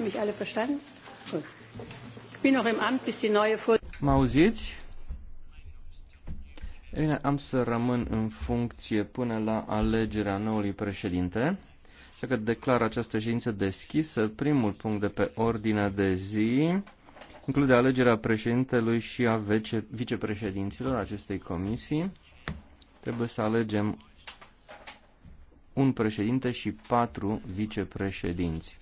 ihr mich alle verstanden? Gut. Ich bin noch im Amt, bis die neue auziți? bine, am să rămân în funcție până la alegerea noului președinte, așa că declar această ședință deschisă. Primul punct de pe ordinea de zi include alegerea președintelui și a vice- vicepreședinților acestei comisii. Trebuie să alegem un președinte și patru vicepreședinți.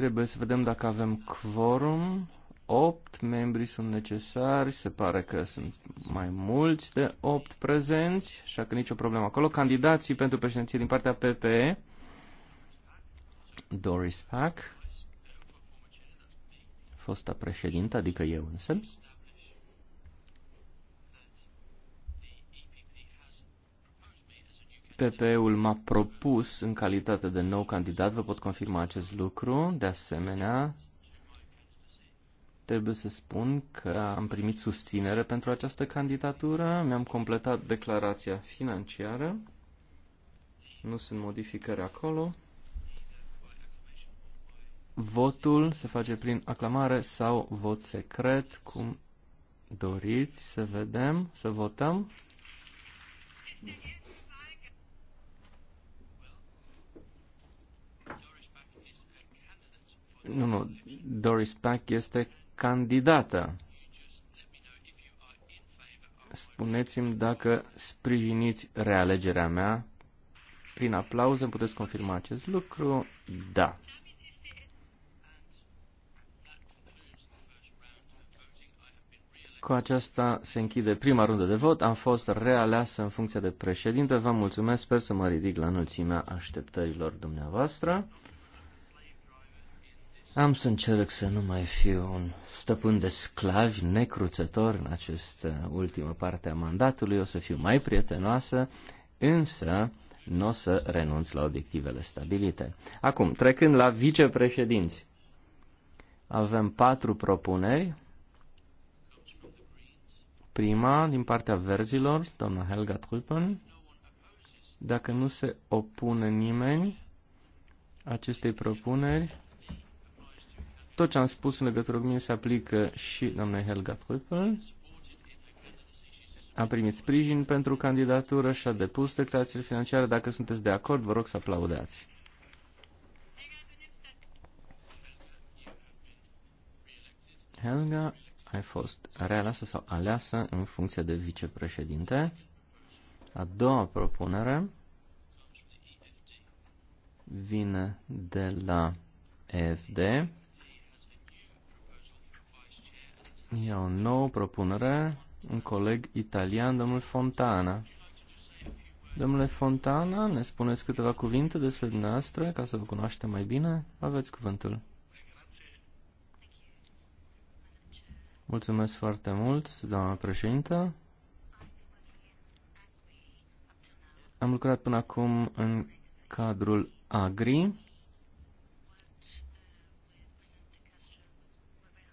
Trebuie să vedem dacă avem quorum. 8 membri sunt necesari, se pare că sunt mai mulți de 8 prezenți, așa că nicio problemă acolo. Candidații pentru președinție din partea PPE, Doris Pack, fosta președintă, adică eu însă. PPE-ul m-a propus în calitate de nou candidat, vă pot confirma acest lucru. De asemenea, trebuie să spun că am primit susținere pentru această candidatură, mi-am completat declarația financiară, nu sunt modificări acolo. Votul se face prin aclamare sau vot secret, cum doriți să vedem, să votăm. Nu, nu, Doris Pack este candidată. Spuneți-mi dacă sprijiniți realegerea mea. Prin aplauze puteți confirma acest lucru? Da. Cu aceasta se închide prima rundă de vot. Am fost realeasă în funcția de președinte. Vă mulțumesc. Sper să mă ridic la înălțimea așteptărilor dumneavoastră. Am să încerc să nu mai fiu un stăpân de sclavi necruțător în această ultimă parte a mandatului, o să fiu mai prietenoasă, însă nu o să renunț la obiectivele stabilite. Acum, trecând la vicepreședinți. Avem patru propuneri. Prima, din partea verzilor, doamna Helga Trüppen. Dacă nu se opune nimeni acestei propuneri, tot ce am spus în legătură cu mine se aplică și doamnei Helga Trüppel. A primit sprijin pentru candidatură și a depus declarațiile financiare. Dacă sunteți de acord, vă rog să aplaudați. Helga ai fost realasă sau aleasă în funcție de vicepreședinte. A doua propunere vine de la EFD. E o nouă propunere, un coleg italian, domnul Fontana. Domnule Fontana, ne spuneți câteva cuvinte despre dumneavoastră ca să vă cunoaștem mai bine? Aveți cuvântul. Mulțumesc foarte mult, doamna președintă. Am lucrat până acum în cadrul AGRI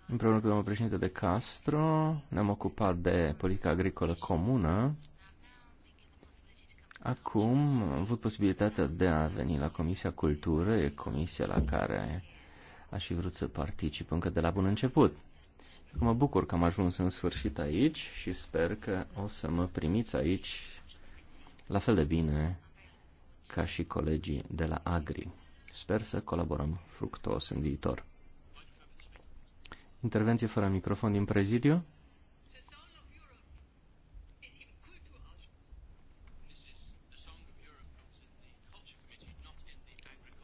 Împreună cu domnul președinte de Castro ne-am ocupat de politica agricolă comună. Acum am avut posibilitatea de a veni la Comisia Cultură, e comisia la care aș fi vrut să particip încă de la bun început. Și mă bucur că am ajuns în sfârșit aici și sper că o să mă primiți aici la fel de bine ca și colegii de la Agri. Sper să colaborăm fructuos în viitor. Intervenție fără microfon din prezidiu.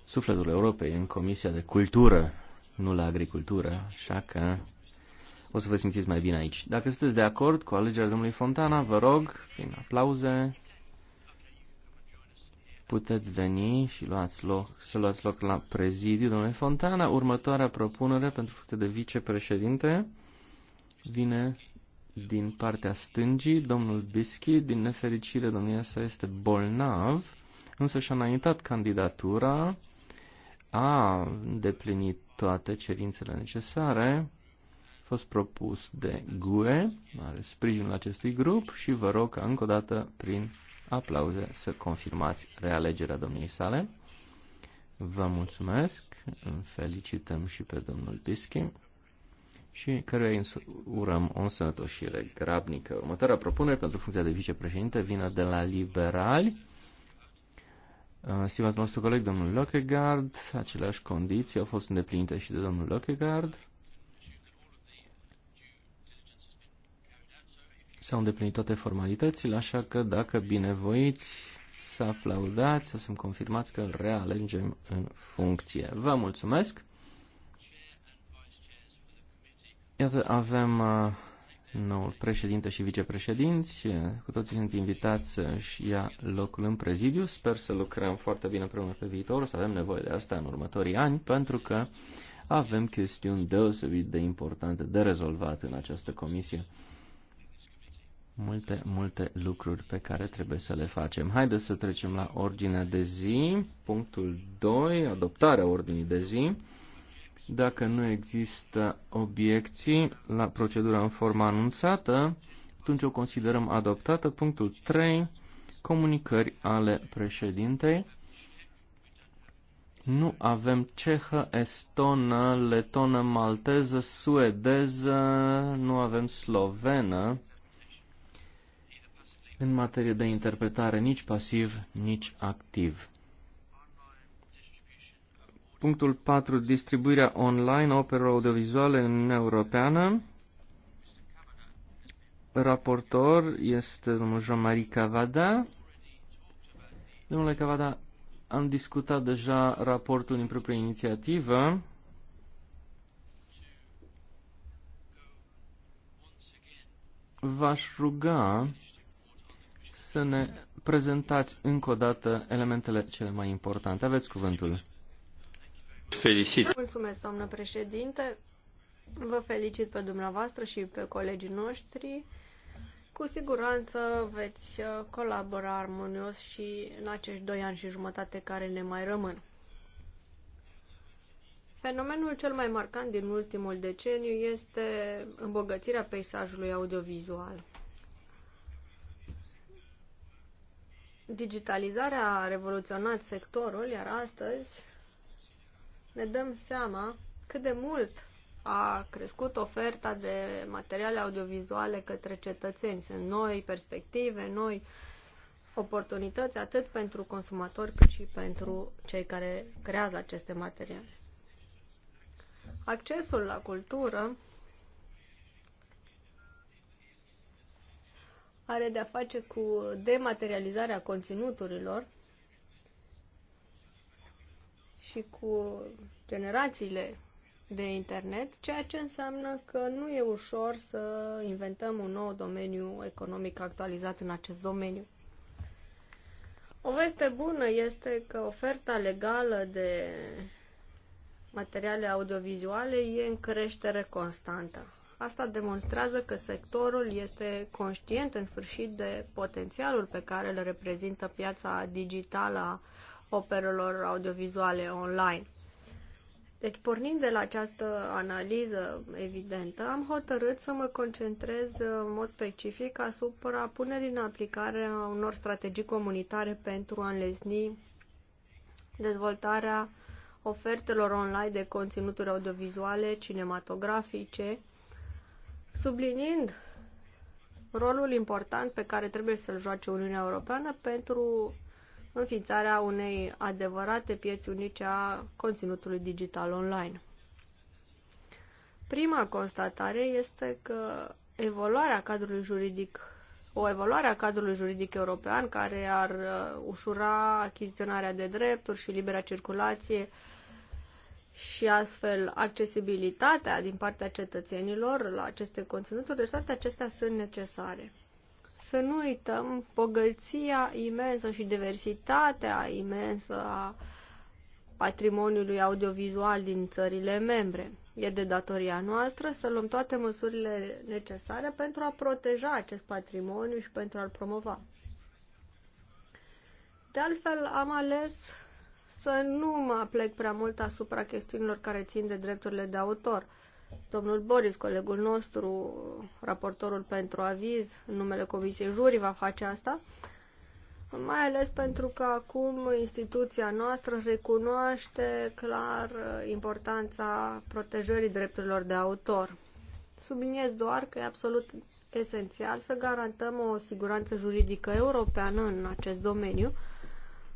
Sufletul Europei în Comisia de Cultură, nu la Agricultură, așa că o să vă simțiți mai bine aici. Dacă sunteți de acord cu alegerea domnului Fontana, vă rog, prin aplauze, puteți veni și luați loc, să luați loc la prezidiu, domnule Fontana. Următoarea propunere pentru funcție de vicepreședinte vine din partea stângii, domnul Bischi, din nefericire domnia sa este bolnav, însă și-a înaintat candidatura, a îndeplinit toate cerințele necesare, a fost propus de GUE, are sprijinul acestui grup și vă rog ca încă o dată prin aplauze să confirmați realegerea domniei sale. Vă mulțumesc, felicităm și pe domnul Dischi și căruia urăm o însănătoșire grabnică. Următoarea propunere pentru funcția de vicepreședinte vine de la liberali. Uh, stimați nostru coleg, domnul Lockegard, aceleași condiții au fost îndeplinite și de domnul Lockegard. S-au îndeplinit toate formalitățile, așa că dacă binevoiți să aplaudați, să sunt confirmați că îl realegem în funcție. Vă mulțumesc! Iată, avem uh, noul președinte și vicepreședinți. Cu toții sunt invitați să-și ia locul în prezidiu. Sper să lucrăm foarte bine împreună pe viitor. O să avem nevoie de asta în următorii ani, pentru că avem chestiuni deosebit de importante de rezolvat în această comisie multe, multe lucruri pe care trebuie să le facem. Haideți să trecem la ordinea de zi, punctul 2, adoptarea ordinii de zi. Dacă nu există obiecții la procedura în forma anunțată, atunci o considerăm adoptată. Punctul 3, comunicări ale președintei. Nu avem cehă, estonă, letonă, malteză, suedeză, nu avem slovenă în materie de interpretare nici pasiv, nici activ. Punctul 4. Distribuirea online operelor audiovizuale în Uniunea Europeană. Raportor este domnul Jean-Marie Cavada. Domnule Cavada, am discutat deja raportul din proprie inițiativă. V-aș ruga să ne prezentați încă o dată elementele cele mai importante. Aveți cuvântul. Felicit. Mulțumesc, doamnă președinte. Vă felicit pe dumneavoastră și pe colegii noștri. Cu siguranță veți uh, colabora armonios și în acești doi ani și jumătate care ne mai rămân. Fenomenul cel mai marcant din ultimul deceniu este îmbogățirea peisajului audiovizual. Digitalizarea a revoluționat sectorul, iar astăzi ne dăm seama cât de mult a crescut oferta de materiale audiovizuale către cetățeni. Sunt noi perspective, noi oportunități, atât pentru consumatori cât și pentru cei care creează aceste materiale. Accesul la cultură are de-a face cu dematerializarea conținuturilor și cu generațiile de internet, ceea ce înseamnă că nu e ușor să inventăm un nou domeniu economic actualizat în acest domeniu. O veste bună este că oferta legală de materiale audiovizuale e în creștere constantă. Asta demonstrează că sectorul este conștient în sfârșit de potențialul pe care îl reprezintă piața digitală a operelor audiovizuale online. Deci, pornind de la această analiză evidentă, am hotărât să mă concentrez în mod specific asupra punerii în aplicare a unor strategii comunitare pentru a înlesni dezvoltarea ofertelor online de conținuturi audiovizuale, cinematografice subliniind rolul important pe care trebuie să-l joace Uniunea Europeană pentru înființarea unei adevărate pieți unice a conținutului digital online. Prima constatare este că evoluarea cadrului juridic, o evoluare a cadrului juridic european care ar uh, ușura achiziționarea de drepturi și libera circulație și astfel accesibilitatea din partea cetățenilor la aceste conținuturi, deci toate acestea sunt necesare. Să nu uităm bogăția imensă și diversitatea imensă a patrimoniului audiovizual din țările membre. E de datoria noastră să luăm toate măsurile necesare pentru a proteja acest patrimoniu și pentru a-l promova. De altfel, am ales să nu mă plec prea mult asupra chestiunilor care țin de drepturile de autor. Domnul Boris, colegul nostru, raportorul pentru aviz, în numele Comisiei Juri, va face asta, mai ales pentru că acum instituția noastră recunoaște clar importanța protejării drepturilor de autor. Subliniez doar că e absolut esențial să garantăm o siguranță juridică europeană în acest domeniu,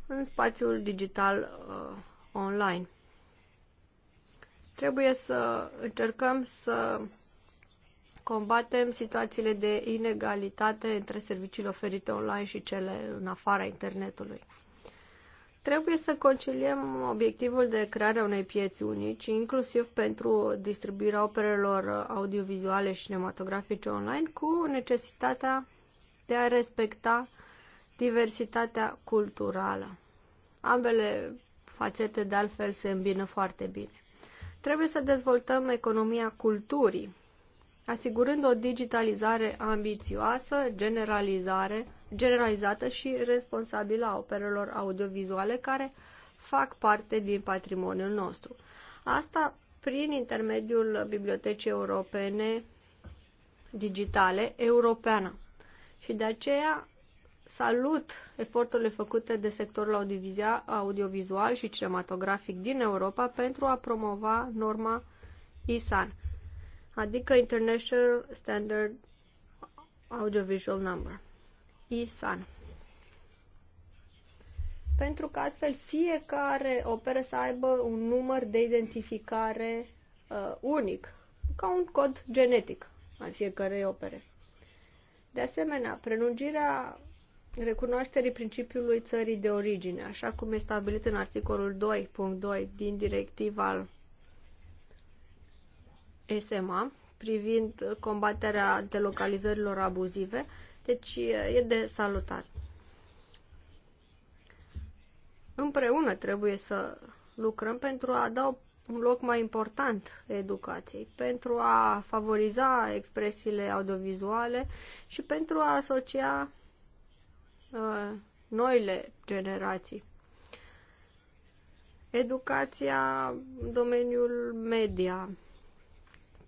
în spațiul digital uh, online. Trebuie să încercăm să combatem situațiile de inegalitate între serviciile oferite online și cele în afara internetului. Trebuie să conciliem obiectivul de creare a unei pieți unici, inclusiv pentru distribuirea operelor audiovizuale și cinematografice online, cu necesitatea de a respecta uh, diversitatea culturală. Ambele fațete, de altfel, se îmbină foarte bine. Trebuie să dezvoltăm economia culturii, asigurând o digitalizare ambițioasă, generalizare, generalizată și responsabilă a operelor audiovizuale care fac parte din patrimoniul nostru. Asta prin intermediul Bibliotecii Europene Digitale Europeană. Și de aceea salut eforturile făcute de sectorul audiovizual și cinematografic din Europa pentru a promova norma ISAN, adică International Standard Audiovisual Number, ISAN. Pentru că astfel fiecare operă să aibă un număr de identificare uh, unic, ca un cod genetic al fiecarei opere. De asemenea, prelungirea recunoașterii principiului țării de origine, așa cum este stabilit în articolul 2.2 din directiva al SMA privind combaterea delocalizărilor abuzive, deci e de salutat. Împreună trebuie să lucrăm pentru a da un loc mai important educației, pentru a favoriza expresiile audiovizuale și pentru a asocia Uh, noile generații. Educația în domeniul media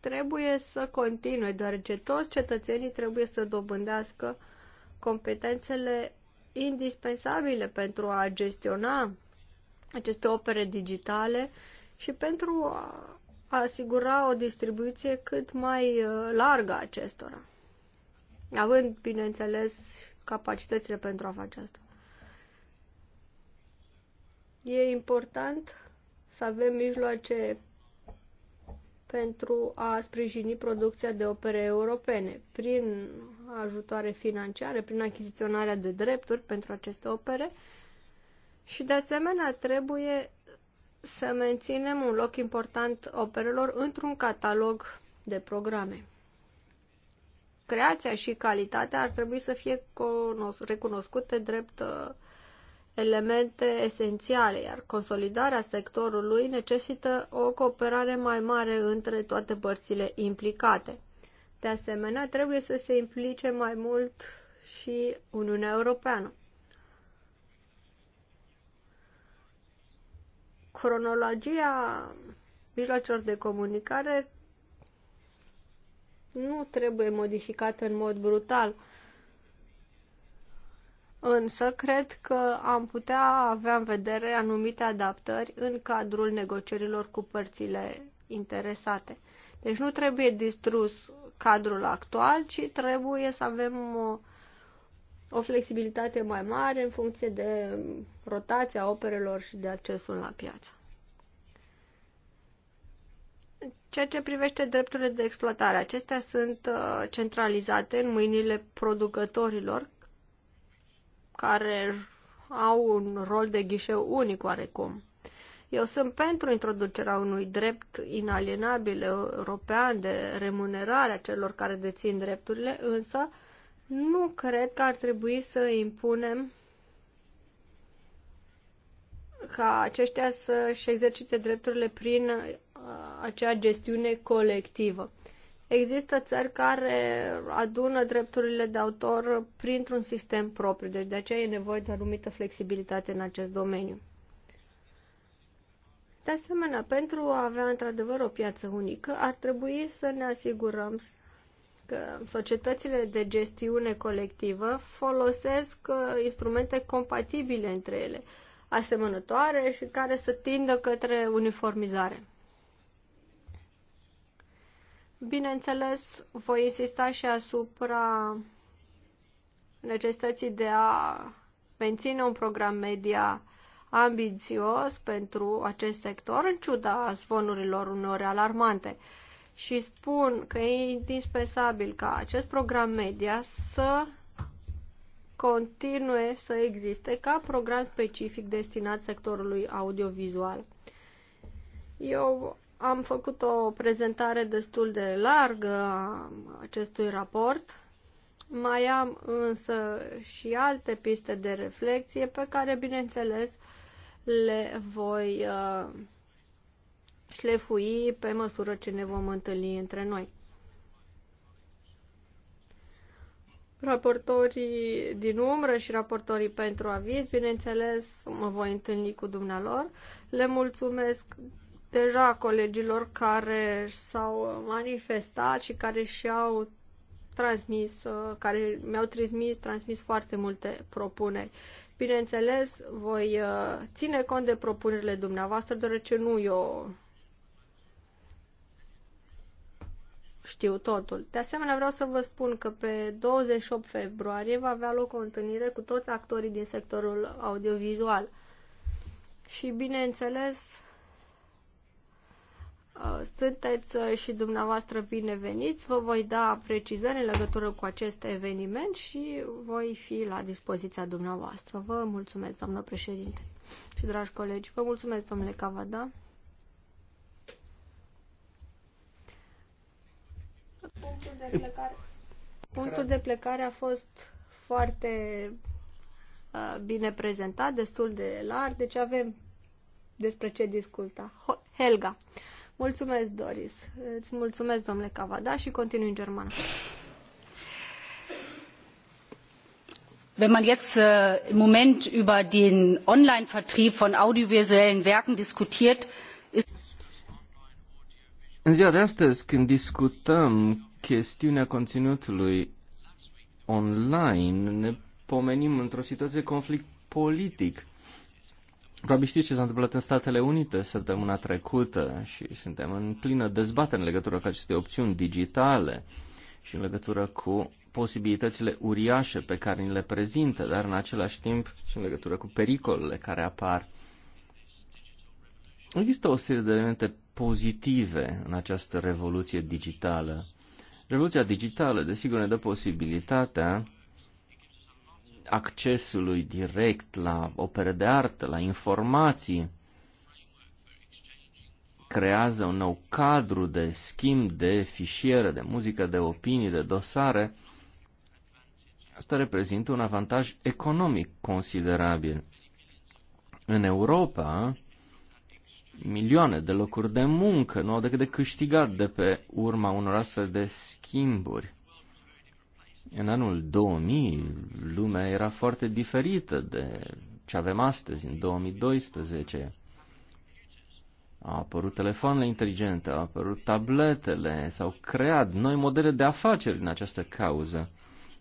trebuie să continue, deoarece toți cetățenii trebuie să dobândească competențele indispensabile pentru a gestiona aceste opere digitale și pentru a asigura o distribuție cât mai uh, largă a acestora. Având, bineînțeles, capacitățile pentru a face asta. E important să avem mijloace pentru a sprijini producția de opere europene prin ajutoare financiare, prin achiziționarea de drepturi pentru aceste opere și de asemenea trebuie să menținem un loc important operelor într-un catalog de programe creația și calitatea ar trebui să fie recunoscute drept uh, elemente esențiale, iar consolidarea sectorului necesită o cooperare mai mare între toate părțile implicate. De asemenea, trebuie să se implice mai mult și Uniunea Europeană. Cronologia mijloacelor de comunicare nu trebuie modificat în mod brutal. Însă, cred că am putea avea în vedere anumite adaptări în cadrul negocierilor cu părțile interesate. Deci nu trebuie distrus cadrul actual, ci trebuie să avem o, o flexibilitate mai mare în funcție de rotația operelor și de accesul la piață ceea ce privește drepturile de exploatare, acestea sunt uh, centralizate în mâinile producătorilor care au un rol de ghișeu unic oarecum. Eu sunt pentru introducerea unui drept inalienabil european de remunerare a celor care dețin drepturile, însă nu cred că ar trebui să impunem ca aceștia să-și exercite drepturile prin acea gestiune colectivă. Există țări care adună drepturile de autor printr-un sistem propriu, deci de aceea e nevoie de anumită flexibilitate în acest domeniu. De asemenea, pentru a avea într-adevăr o piață unică, ar trebui să ne asigurăm că societățile de gestiune colectivă folosesc uh, instrumente compatibile între ele, asemănătoare și care să tindă către uniformizare. Bineînțeles, voi insista și asupra necesității de a menține un program media ambițios pentru acest sector, în ciuda zvonurilor uneori alarmante. Și spun că e indispensabil ca acest program media să continue să existe ca program specific destinat sectorului audiovizual. Eu am făcut o prezentare destul de largă a acestui raport. Mai am însă și alte piste de reflexie pe care, bineînțeles, le voi uh, șlefui pe măsură ce ne vom întâlni între noi. Raportorii din umbră și raportorii pentru aviz, bineînțeles, mă voi întâlni cu dumnealor. Le mulțumesc deja colegilor care s-au manifestat și care și-au transmis, uh, care mi-au transmis, transmis foarte multe propuneri. Bineînțeles, voi uh, ține cont de propunerile dumneavoastră, deoarece nu eu știu totul. De asemenea, vreau să vă spun că pe 28 februarie va avea loc o întâlnire cu toți actorii din sectorul audiovizual. Și, bineînțeles, sunteți uh, și dumneavoastră bineveniți. Vă voi da precizări în legătură cu acest eveniment și voi fi la dispoziția dumneavoastră. Vă mulțumesc, doamnă președinte. Și dragi colegi, vă mulțumesc, domnule Cavada. Punctul de plecare, punctul de plecare a fost foarte uh, bine prezentat, destul de larg, deci avem despre ce discuta. Helga. Mulțumesc, Doris. Îți mulțumesc, domnule Cavada, și continui în germană. Wenn man jetzt äh, im Moment über den Online-Vertrieb von audiovisuellen Werken diskutiert, ist In ziua de astăzi, când discutăm chestiunea conținutului online, ne pomenim într-o situație de conflict politic Probabil știți ce s-a întâmplat în Statele Unite săptămâna trecută și suntem în plină dezbatere în legătură cu aceste opțiuni digitale și în legătură cu posibilitățile uriașe pe care ni le prezintă, dar în același timp și în legătură cu pericolele care apar. Există o serie de elemente pozitive în această revoluție digitală. Revoluția digitală, desigur, ne dă posibilitatea accesului direct la opere de artă, la informații, creează un nou cadru de schimb de fișiere, de muzică, de opinii, de dosare. Asta reprezintă un avantaj economic considerabil. În Europa, milioane de locuri de muncă nu au decât de câștigat de pe urma unor astfel de schimburi. În anul 2000, lumea era foarte diferită de ce avem astăzi, în 2012. Au apărut telefoanele inteligente, au apărut tabletele, s-au creat noi modele de afaceri în această cauză.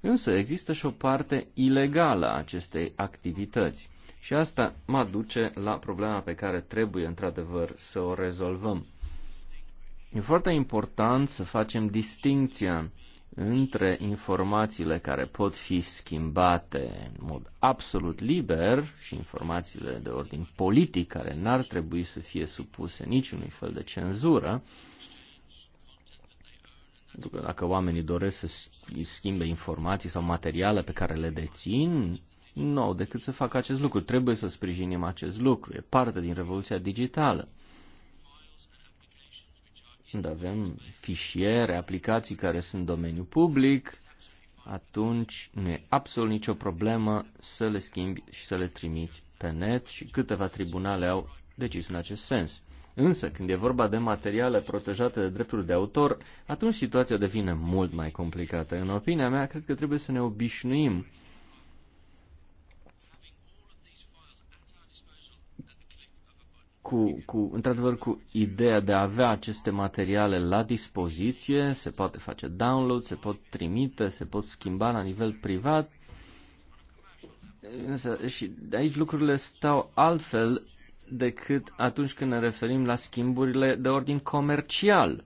Însă există și o parte ilegală a acestei activități. Și asta mă duce la problema pe care trebuie într-adevăr să o rezolvăm. E foarte important să facem distinția între informațiile care pot fi schimbate în mod absolut liber și informațiile de ordin politic care n-ar trebui să fie supuse niciunui fel de cenzură, pentru că dacă oamenii doresc să schimbe informații sau materiale pe care le dețin, nu, decât să facă acest lucru. Trebuie să sprijinim acest lucru. E parte din revoluția digitală când avem fișiere, aplicații care sunt domeniu public, atunci nu e absolut nicio problemă să le schimbi și să le trimiți pe net și câteva tribunale au decis în acest sens. Însă, când e vorba de materiale protejate de drepturi de autor, atunci situația devine mult mai complicată. În opinia mea, cred că trebuie să ne obișnuim cu, cu, într-adevăr cu ideea de a avea aceste materiale la dispoziție, se poate face download, se pot trimite, se pot schimba la nivel privat. Însă, și aici lucrurile stau altfel decât atunci când ne referim la schimburile de ordin comercial.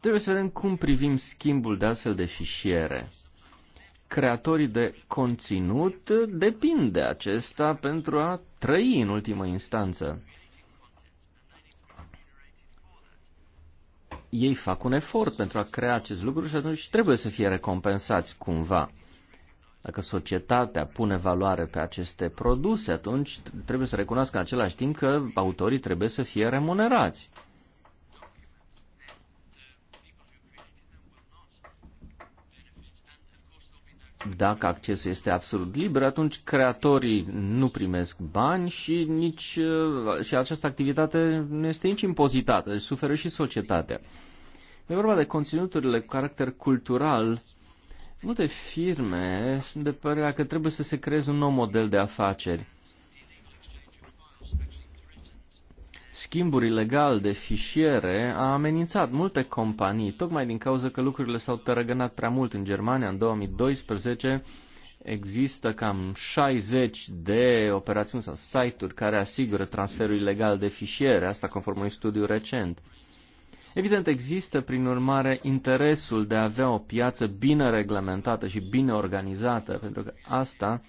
Trebuie să vedem cum privim schimbul de astfel de fișiere creatorii de conținut depind de acesta pentru a trăi în ultimă instanță. Ei fac un efort pentru a crea acest lucru și atunci trebuie să fie recompensați cumva. Dacă societatea pune valoare pe aceste produse, atunci trebuie să recunoască în același timp că autorii trebuie să fie remunerați. dacă accesul este absolut liber, atunci creatorii nu primesc bani și nici uh, și această activitate nu este nici impozitată, deci suferă și societatea. E vorba de conținuturile cu caracter cultural. Multe firme sunt de părerea că trebuie să se creeze un nou model de afaceri. schimbul ilegal de fișiere a amenințat multe companii, tocmai din cauza că lucrurile s-au tărăgănat prea mult în Germania. În 2012 există cam 60 de operațiuni sau site-uri care asigură transferul ilegal de fișiere, asta conform unui studiu recent. Evident, există, prin urmare, interesul de a avea o piață bine reglementată și bine organizată, pentru că asta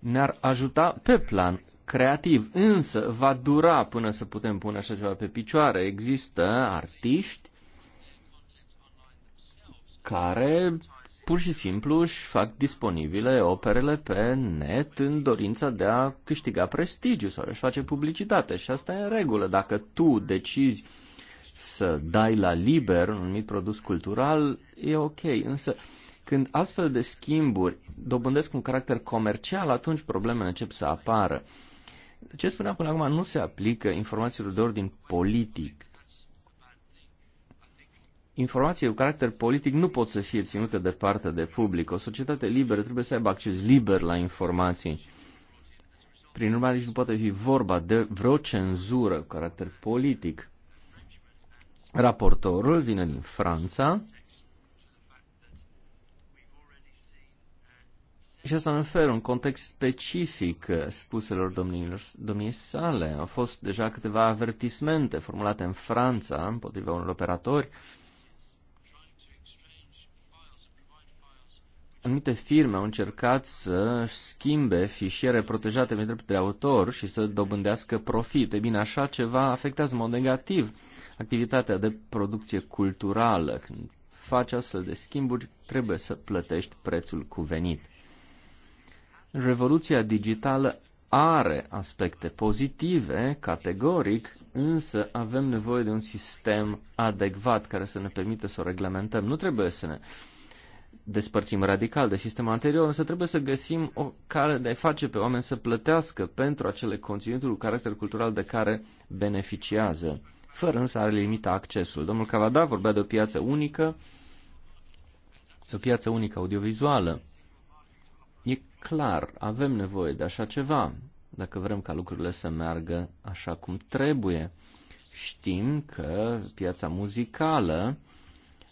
ne-ar ajuta pe plan creativ, însă va dura până să putem pune așa ceva pe picioare. Există artiști care pur și simplu își fac disponibile operele pe net în dorința de a câștiga prestigiu sau își face publicitate și asta e în regulă. Dacă tu decizi să dai la liber un anumit produs cultural, e ok, însă când astfel de schimburi dobândesc un caracter comercial, atunci problemele încep să apară ce spuneam până acum nu se aplică informațiilor de ordin politic. Informații cu caracter politic nu pot să fie ținute departe de public. O societate liberă trebuie să aibă acces liber la informații. Prin urmare, nici nu poate fi vorba de vreo cenzură cu caracter politic. Raportorul vine din Franța Și asta în oferă un context specific eh, spuselor domnilor, domniei sale. Au fost deja câteva avertismente formulate în Franța împotriva unor operatori. Anumite firme au încercat să schimbe fișiere protejate de drept de autor și să dobândească profit. E bine, așa ceva afectează în mod negativ activitatea de producție culturală. Când faci astfel de schimburi, trebuie să plătești prețul cuvenit. Revoluția digitală are aspecte pozitive, categoric, însă avem nevoie de un sistem adecvat care să ne permită să o reglementăm. Nu trebuie să ne despărțim radical de sistemul anterior, însă trebuie să găsim o cale de a face pe oameni să plătească pentru acele conținuturi cu caracter cultural de care beneficiază, fără însă are limita accesul. Domnul Cavada vorbea de o piață unică, de o piață unică audiovizuală clar, avem nevoie de așa ceva, dacă vrem ca lucrurile să meargă așa cum trebuie. Știm că piața muzicală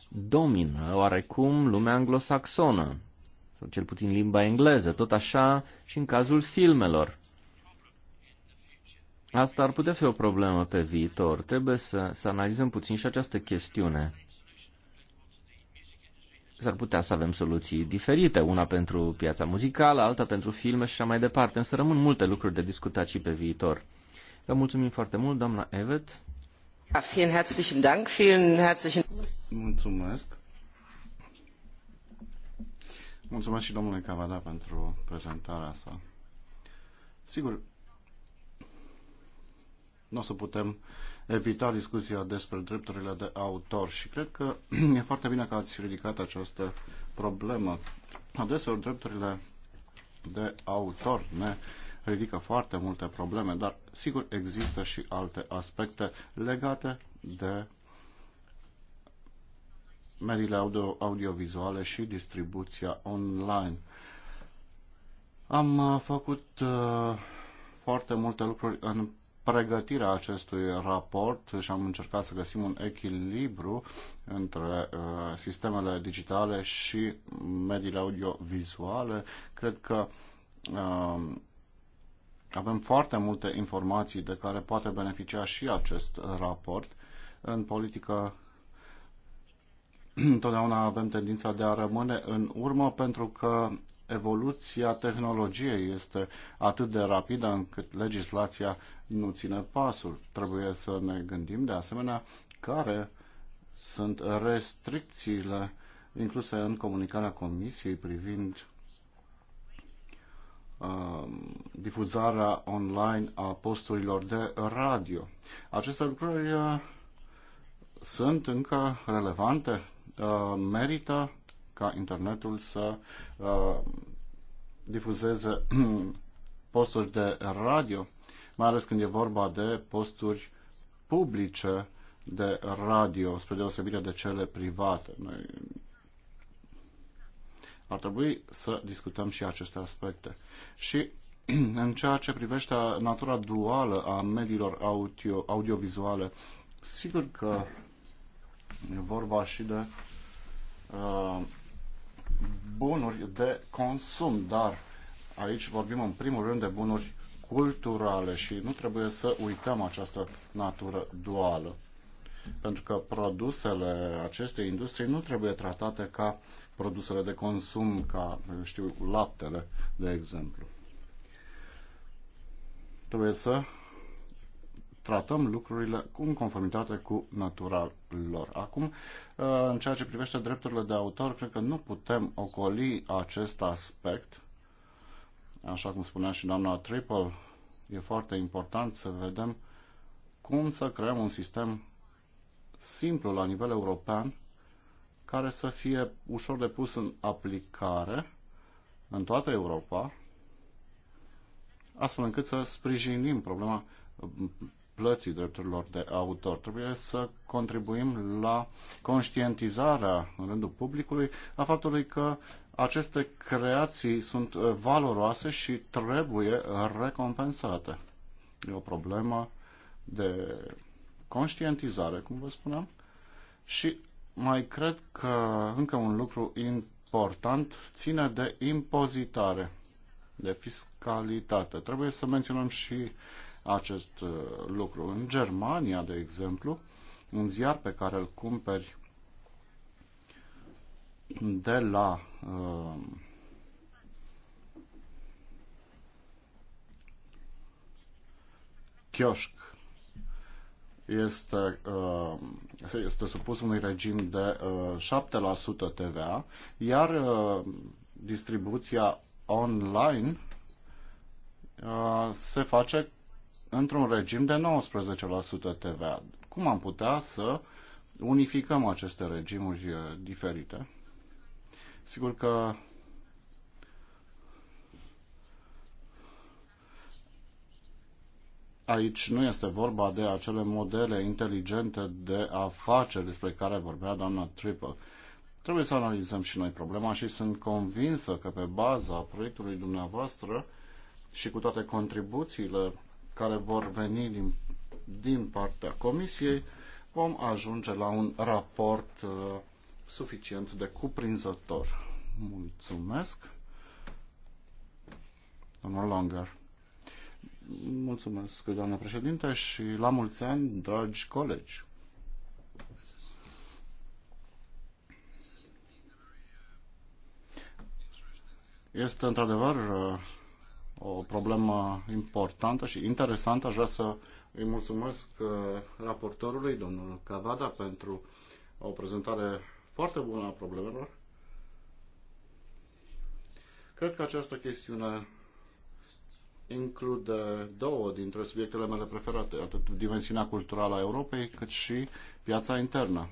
domină oarecum lumea anglosaxonă, sau cel puțin limba engleză, tot așa și în cazul filmelor. Asta ar putea fi o problemă pe viitor. Trebuie să, să analizăm puțin și această chestiune s-ar putea să avem soluții diferite, una pentru piața muzicală, alta pentru filme și așa mai departe, însă rămân multe lucruri de discutat și pe viitor. Vă mulțumim foarte mult, doamna Evet. Ja, Vielen herzlichen Dank, vielen herzlichen Mulțumesc. Mulțumesc și domnule Cavada pentru prezentarea sa. Sigur, nu o să putem evita discuția despre drepturile de autor și cred că e foarte bine că ați ridicat această problemă. Adeseori drepturile de autor ne ridică foarte multe probleme, dar sigur există și alte aspecte legate de mediile audio, audiovizuale și distribuția online. Am uh, făcut uh, foarte multe lucruri în pregătirea acestui raport și am încercat să găsim un echilibru între uh, sistemele digitale și mediile audiovizuale. Cred că uh, avem foarte multe informații de care poate beneficia și acest raport. În politică întotdeauna avem tendința de a rămâne în urmă pentru că evoluția tehnologiei este atât de rapidă încât legislația nu ține pasul. Trebuie să ne gândim de asemenea care sunt restricțiile incluse în comunicarea Comisiei privind um, difuzarea online a posturilor de radio. Aceste lucruri uh, sunt încă relevante, uh, merită ca internetul să uh, difuzeze posturi de radio, mai ales când e vorba de posturi publice de radio, spre deosebire de cele private. Noi ar trebui să discutăm și aceste aspecte. Și în ceea ce privește natura duală a mediilor audio, audiovizuale, sigur că e vorba și de uh, bunuri de consum, dar aici vorbim în primul rând de bunuri culturale și nu trebuie să uităm această natură duală. Pentru că produsele acestei industrii nu trebuie tratate ca produsele de consum, ca, știu, laptele, de exemplu. Trebuie să tratăm lucrurile în conformitate cu natura lor. Acum, uh, în ceea ce privește drepturile de autor, cred că nu putem ocoli acest aspect. Așa cum spunea și doamna Triple, e foarte important să vedem cum să creăm un sistem simplu la nivel european care să fie ușor de pus în aplicare în toată Europa, astfel încât să sprijinim problema plății drepturilor de autor. Trebuie să contribuim la conștientizarea în rândul publicului a faptului că aceste creații sunt uh, valoroase și trebuie recompensate. E o problemă de conștientizare, cum vă spuneam, și mai cred că încă un lucru important ține de impozitare, de fiscalitate. Trebuie să menționăm și acest uh, lucru. În Germania, de exemplu, un ziar pe care îl cumperi de la uh, chioșc este, uh, este supus unui regim de uh, 7% TVA, iar uh, distribuția online uh, se face într-un regim de 19% TVA. Cum am putea să unificăm aceste regimuri uh, diferite? Sigur că aici nu este vorba de acele modele inteligente de afaceri despre care vorbea doamna Triple. Trebuie să analizăm și noi problema și sunt convinsă că pe baza proiectului dumneavoastră și cu toate contribuțiile care vor veni din, din partea Comisiei, vom ajunge la un raport uh, suficient de cuprinzător. Mulțumesc. Domnul Longer. Mulțumesc, doamnă președinte, și la mulți ani, dragi colegi. Este într-adevăr uh, o problemă importantă și interesantă. Aș vrea să îi mulțumesc uh, raportorului, domnul Cavada, pentru o prezentare foarte bună a problemelor. Cred că această chestiune include două dintre subiectele mele preferate, atât dimensiunea culturală a Europei, cât și piața internă.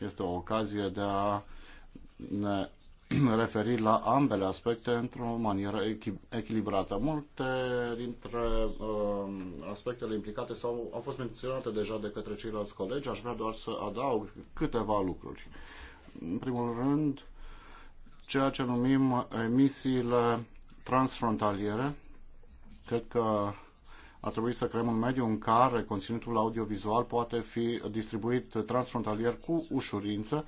Este o ocazie de a ne referi la ambele aspecte într-o manieră echilibrată. Multe dintre uh, aspectele implicate s au fost menționate deja de către ceilalți colegi. Aș vrea doar să adaug câteva lucruri. În primul rând, ceea ce numim emisiile transfrontaliere. Cred că ar trebui să creăm un mediu în care conținutul audiovizual poate fi distribuit transfrontalier cu ușurință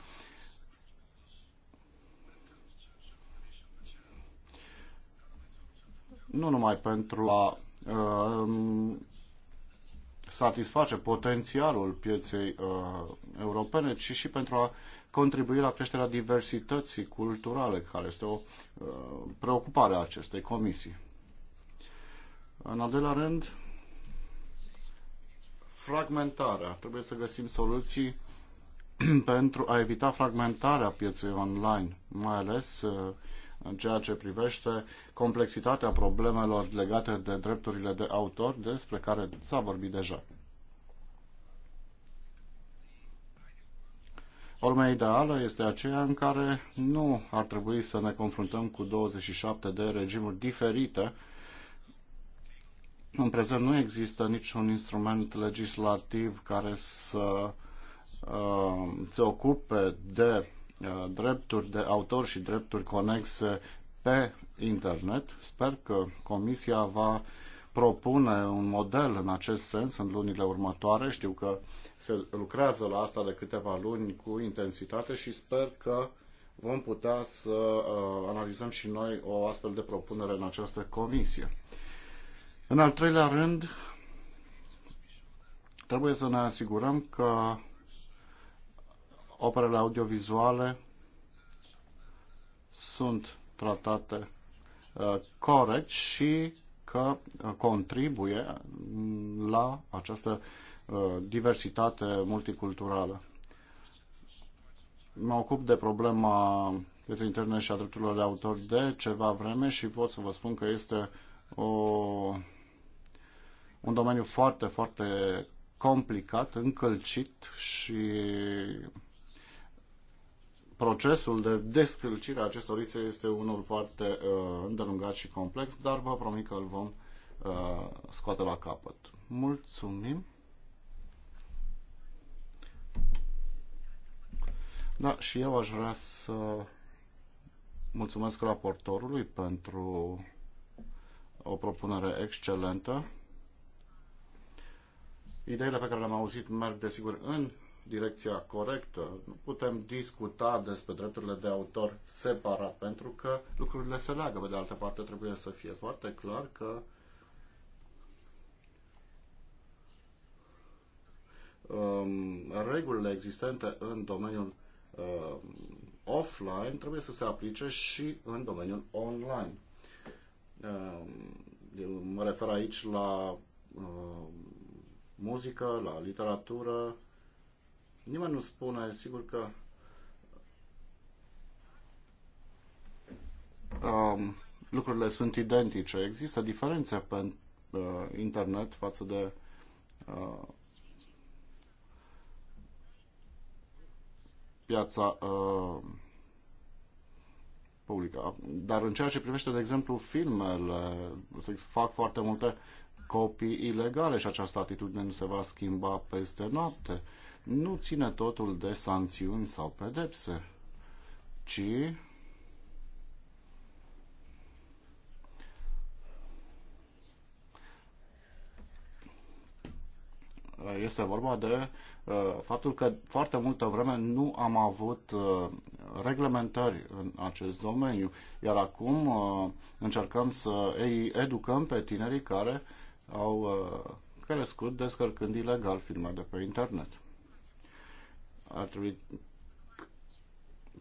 nu numai pentru a um, satisface potențialul pieței uh, europene, ci și pentru a contribui la creșterea diversității culturale, care este o uh, preocupare a acestei comisii. În al doilea rând, fragmentarea. Trebuie să găsim soluții pentru a evita fragmentarea pieței online, mai ales uh, în ceea ce privește complexitatea problemelor legate de drepturile de autor, despre care s-a vorbit deja. lume ideală este aceea în care nu ar trebui să ne confruntăm cu 27 de regimuri diferite. În prezent nu există niciun instrument legislativ care să uh, se ocupe de Uh, drepturi de autor și drepturi conexe pe internet. Sper că Comisia va propune un model în acest sens în lunile următoare. Știu că se lucrează la asta de câteva luni cu intensitate și sper că vom putea să uh, analizăm și noi o astfel de propunere în această comisie. În al treilea rând, trebuie să ne asigurăm că operele audiovizuale sunt tratate uh, corect și că contribuie la această uh, diversitate multiculturală. Mă ocup de problema pieței interne și a drepturilor de autor de ceva vreme și pot să vă spun că este o, un domeniu foarte, foarte complicat, încălcit și procesul de descălcire a acestor rițe este unul foarte uh, îndelungat și complex, dar vă promit că îl vom uh, scoate la capăt. Mulțumim! Da, și eu aș vrea să mulțumesc raportorului pentru o propunere excelentă. Ideile pe care le-am auzit merg, desigur, în direcția corectă. Nu putem discuta despre drepturile de autor separat, pentru că lucrurile se leagă. Pe de altă parte, trebuie să fie foarte clar că um, regulile existente în domeniul um, offline trebuie să se aplice și în domeniul online. Um, mă refer aici la um, muzică, la literatură, Nimeni nu spune, sigur că um, lucrurile sunt identice. Există diferențe pe uh, internet față de uh, piața uh, publică. Dar în ceea ce privește, de exemplu, filmele, se fac foarte multe copii ilegale și această atitudine nu se va schimba peste noapte. Uh, nu ține totul de sancțiuni sau pedepse, ci este vorba de uh, faptul că foarte multă vreme nu am avut uh, reglementări în acest domeniu, iar acum uh, încercăm să îi educăm pe tinerii care au crescut descărcând ilegal filme de pe internet ar trebui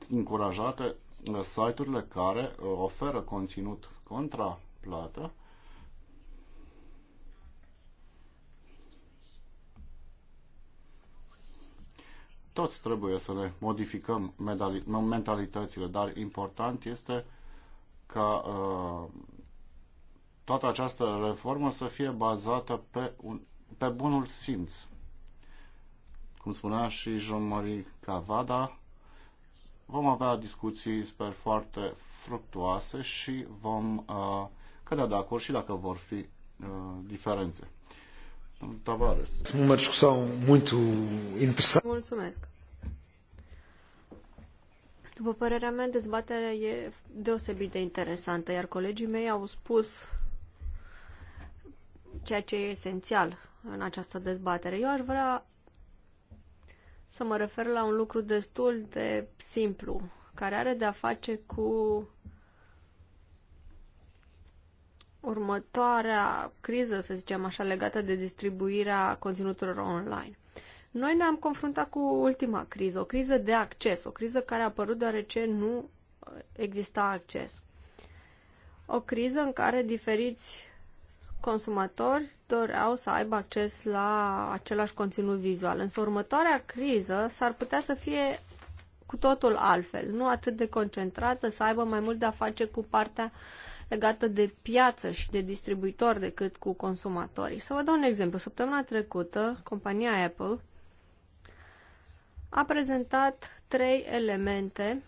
încurajate uh, site-urile care uh, oferă conținut contra plată toți trebuie să ne modificăm mentalitățile, dar important este ca uh, toată această reformă să fie bazată pe, un, pe bunul simț cum spunea și Jean-Marie Cavada, vom avea discuții, sper, foarte fructuoase și vom uh, cădea de acord și dacă vor fi uh, diferențe. Tavares. Uma discussão muito interessante. Mulțumesc. După părerea mea, dezbaterea e deosebit de interesantă, iar colegii mei au spus ceea ce e esențial în această dezbatere. Eu aș vrea să mă refer la un lucru destul de simplu, care are de-a face cu următoarea criză, să zicem așa, legată de distribuirea conținuturilor online. Noi ne-am confruntat cu ultima criză, o criză de acces, o criză care a apărut deoarece nu exista acces. O criză în care diferiți consumatori doreau să aibă acces la același conținut vizual. Însă următoarea criză s-ar putea să fie cu totul altfel, nu atât de concentrată, să aibă mai mult de a face cu partea legată de piață și de distribuitor decât cu consumatorii. Să vă dau un exemplu. Săptămâna trecută, compania Apple a prezentat trei elemente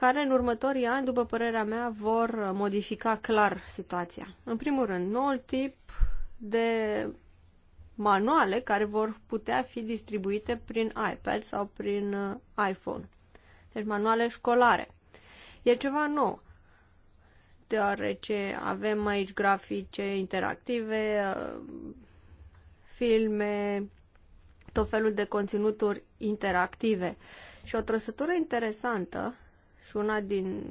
care în următorii ani, după părerea mea, vor modifica clar situația. În primul rând, noul tip de manuale care vor putea fi distribuite prin iPad sau prin uh, iPhone. Deci manuale școlare. E ceva nou, deoarece avem aici grafice interactive, uh, filme, tot felul de conținuturi interactive. Și o trăsătură interesantă și una din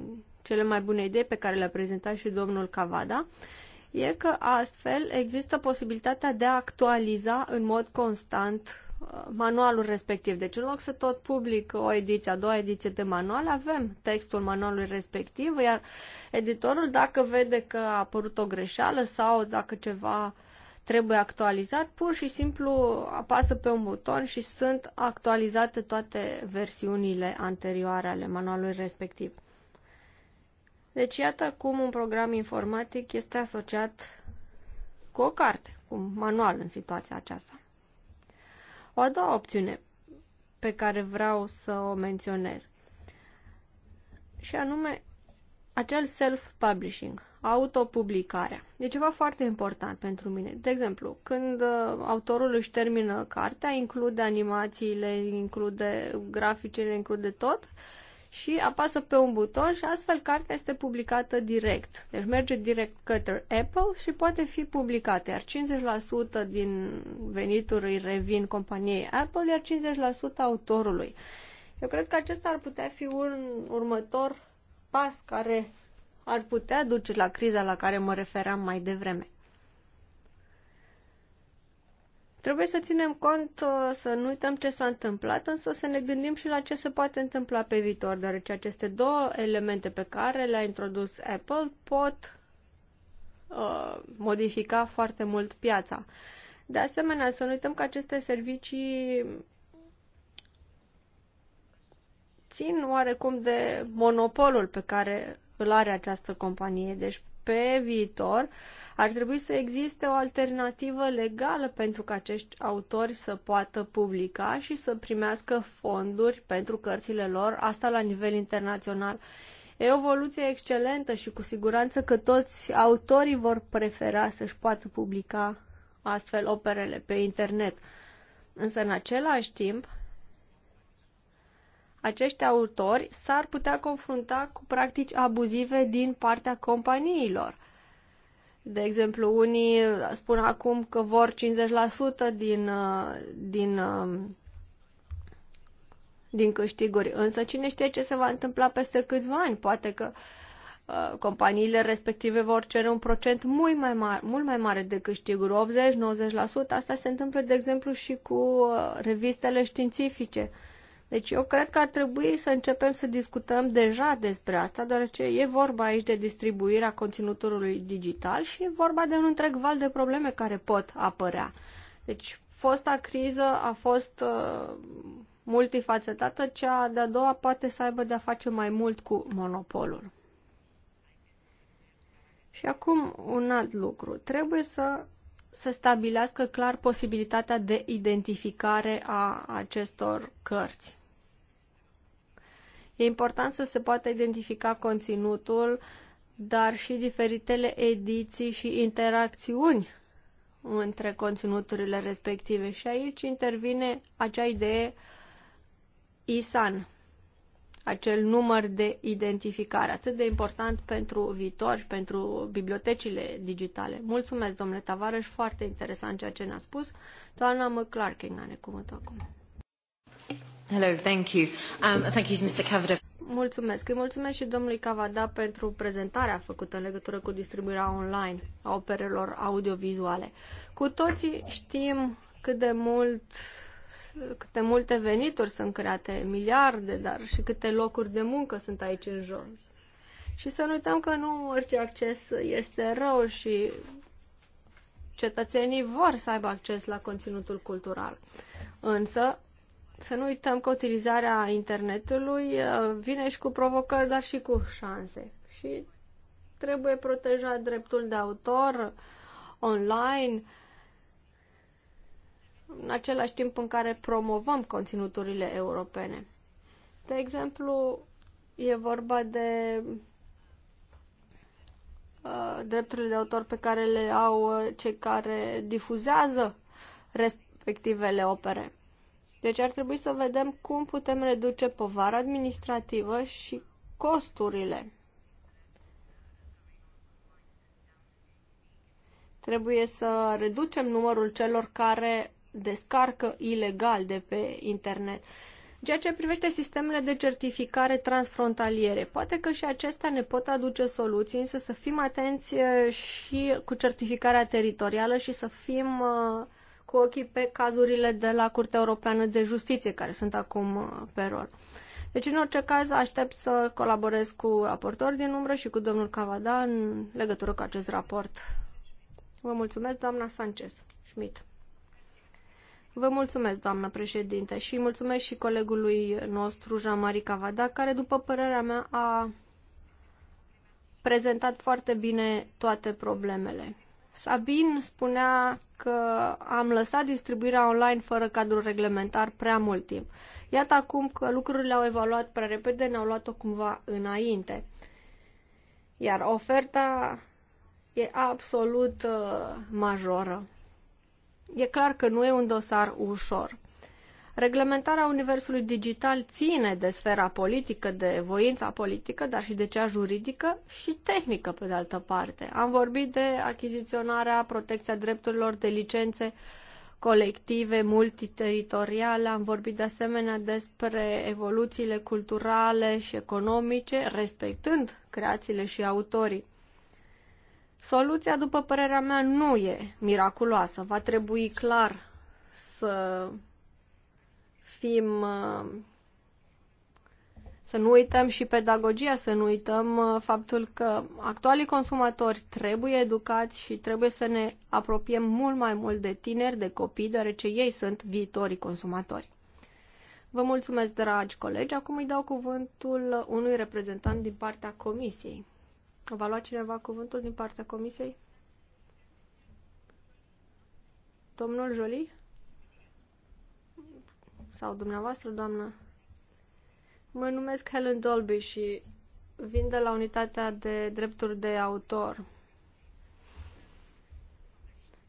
cele mai bune idei pe care le-a prezentat și domnul Cavada e că astfel există posibilitatea de a actualiza în mod constant uh, manualul respectiv. Deci în loc să tot public o ediție, a doua ediție de manual, avem textul manualului respectiv, iar editorul dacă vede că a apărut o greșeală sau dacă ceva trebuie actualizat, pur și simplu apasă pe un buton și sunt actualizate toate versiunile anterioare ale manualului respectiv. Deci iată cum un program informatic este asociat cu o carte, cu un manual în situația aceasta. O a doua opțiune pe care vreau să o menționez și anume acel self-publishing autopublicarea. E ceva foarte important pentru mine. De exemplu, când uh, autorul își termină cartea, include animațiile, include graficele, include tot și apasă pe un buton și astfel cartea este publicată direct. Deci merge direct către Apple și poate fi publicată, iar 50% din venituri îi revin companiei Apple, iar 50% autorului. Eu cred că acesta ar putea fi un următor pas care ar putea duce la criza la care mă referam mai devreme. Trebuie să ținem cont, uh, să nu uităm ce s-a întâmplat, însă să ne gândim și la ce se poate întâmpla pe viitor, deoarece aceste două elemente pe care le-a introdus Apple pot uh, modifica foarte mult piața. De asemenea, să nu uităm că aceste servicii țin oarecum de monopolul pe care îl are această companie. Deci, pe viitor, ar trebui să existe o alternativă legală pentru că acești autori să poată publica și să primească fonduri pentru cărțile lor, asta la nivel internațional. E o evoluție excelentă și cu siguranță că toți autorii vor prefera să-și poată publica astfel operele pe internet. Însă, în același timp, acești autori s-ar putea confrunta cu practici abuzive din partea companiilor. De exemplu, unii spun acum că vor 50% din, uh, din, um, din câștiguri, însă cine știe ce se va întâmpla peste câțiva ani? Poate că uh, companiile respective vor cere un procent mult mai mare, mult mai mare de câștiguri, 80-90%. Asta se întâmplă, de exemplu, și cu uh, revistele științifice. Uh, deci eu cred că ar trebui să începem să discutăm deja despre asta, deoarece e vorba aici de distribuirea conținutului digital și e vorba de un întreg val de probleme care pot apărea. Deci fosta criză a fost uh, multifacetată, cea de-a doua poate să aibă de-a face mai mult cu monopolul. Și acum un alt lucru. Trebuie să să stabilească clar posibilitatea de identificare a acestor cărți. E important să se poată identifica conținutul, dar și diferitele ediții și interacțiuni între conținuturile respective. Și aici intervine acea idee ISAN, acel număr de identificare atât de important pentru viitor și pentru bibliotecile digitale. Mulțumesc, domnule Tavares, foarte interesant ceea ce ne-a spus. Doamna McClarkin are cuvântul acum. Hello, thank you. Um, thank you Mr. Cavada. Mulțumesc. Îi mulțumesc și domnului Cavada pentru prezentarea făcută în legătură cu distribuirea online a operelor audiovizuale. Cu toții știm cât de mult câte multe venituri sunt create, miliarde, dar și câte locuri de muncă sunt aici în jos. Și să nu uităm că nu orice acces este rău și cetățenii vor să aibă acces la conținutul cultural. Însă, să nu uităm că utilizarea internetului uh, vine și cu provocări, dar și cu șanse. Și trebuie protejat dreptul de autor online, în același timp în care promovăm conținuturile europene. De exemplu, e vorba de uh, drepturile de autor pe care le au uh, cei care difuzează respectivele opere. Deci ar trebui să vedem cum putem reduce povara administrativă și costurile. Trebuie să reducem numărul celor care descarcă ilegal de pe internet. Ceea ce privește sistemele de certificare transfrontaliere, poate că și acestea ne pot aduce soluții, însă să fim atenți și cu certificarea teritorială și să fim cu ochii pe cazurile de la Curtea Europeană de Justiție, care sunt acum pe rol. Deci, în orice caz, aștept să colaborez cu raportori din umbră și cu domnul Cavada în legătură cu acest raport. Vă mulțumesc, doamna Sanchez. Schmidt. Vă mulțumesc, doamnă președinte, și mulțumesc și colegului nostru, Jean-Marie Cavada, care, după părerea mea, a prezentat foarte bine toate problemele. Sabin spunea că am lăsat distribuirea online fără cadrul reglementar prea mult timp. Iată acum că lucrurile au evaluat prea repede, ne-au luat-o cumva înainte. Iar oferta e absolut uh, majoră. E clar că nu e un dosar ușor. Reglementarea universului digital ține de sfera politică, de voința politică, dar și de cea juridică și tehnică, pe de altă parte. Am vorbit de achiziționarea, protecția drepturilor de licențe colective, multiteritoriale, am vorbit de asemenea despre evoluțiile culturale și economice, respectând creațiile și autorii. Soluția, după părerea mea, nu e miraculoasă. Va trebui clar să fim uh, să nu uităm și pedagogia, să nu uităm uh, faptul că actualii consumatori trebuie educați și trebuie să ne apropiem mult mai mult de tineri, de copii, deoarece ei sunt viitorii consumatori. Vă mulțumesc, dragi colegi. Acum îi dau cuvântul unui reprezentant din partea Comisiei. Va lua cineva cuvântul din partea comisiei? Domnul Jolie? Sau dumneavoastră, doamnă? Mă numesc Helen Dolby și vin de la unitatea de drepturi de autor.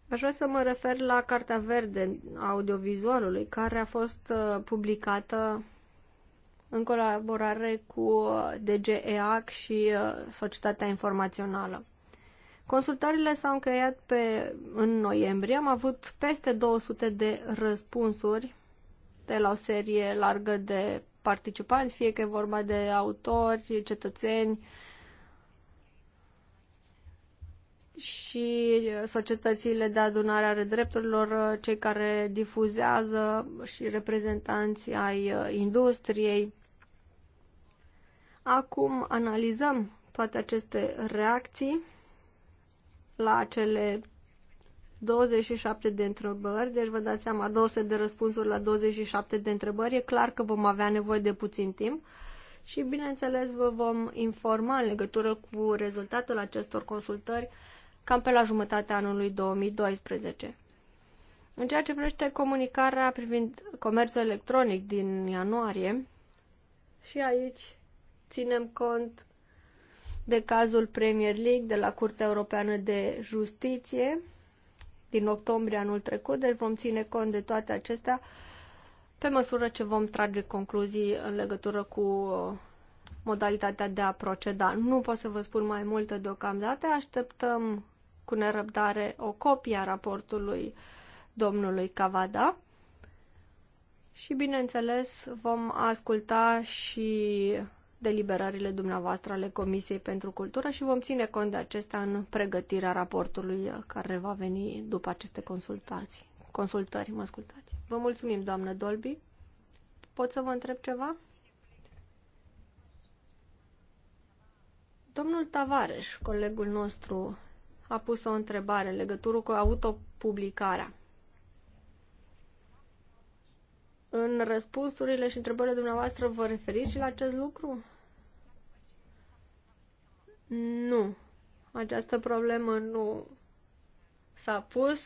Aș vrea să mă refer la Cartea Verde audiovizualului, care a fost uh, publicată în colaborare cu uh, DGEAC și uh, Societatea Informațională. Consultările s-au încheiat pe, în noiembrie. Am avut peste 200 de răspunsuri de la o serie largă de participanți, fie că e vorba de autori, cetățeni și societățile de adunare ale drepturilor, cei care difuzează și reprezentanții ai uh, industriei Acum analizăm toate aceste reacții la cele 27 de întrebări, deci vă dați seama, 200 de răspunsuri la 27 de întrebări, e clar că vom avea nevoie de puțin timp și, bineînțeles, vă vom informa în legătură cu rezultatul acestor consultări cam pe la jumătatea anului 2012. În ceea ce privește comunicarea privind comerțul electronic din ianuarie, și aici ținem cont de cazul Premier League de la Curtea Europeană de Justiție din octombrie anul trecut, deci vom ține cont de toate acestea pe măsură ce vom trage concluzii în legătură cu uh, modalitatea de a proceda. Nu pot să vă spun mai multe deocamdată, așteptăm cu nerăbdare o copie a raportului domnului Cavada. Și bineînțeles vom asculta și deliberările dumneavoastră ale Comisiei pentru Cultură și vom ține cont de acestea în pregătirea raportului care va veni după aceste consultații. Consultări, mă ascultați. Vă mulțumim, doamnă Dolby. Pot să vă întreb ceva? Domnul Tavares, colegul nostru, a pus o întrebare legătură cu autopublicarea. În răspunsurile și întrebările dumneavoastră vă referiți și la acest lucru? Nu. Această problemă nu s-a pus.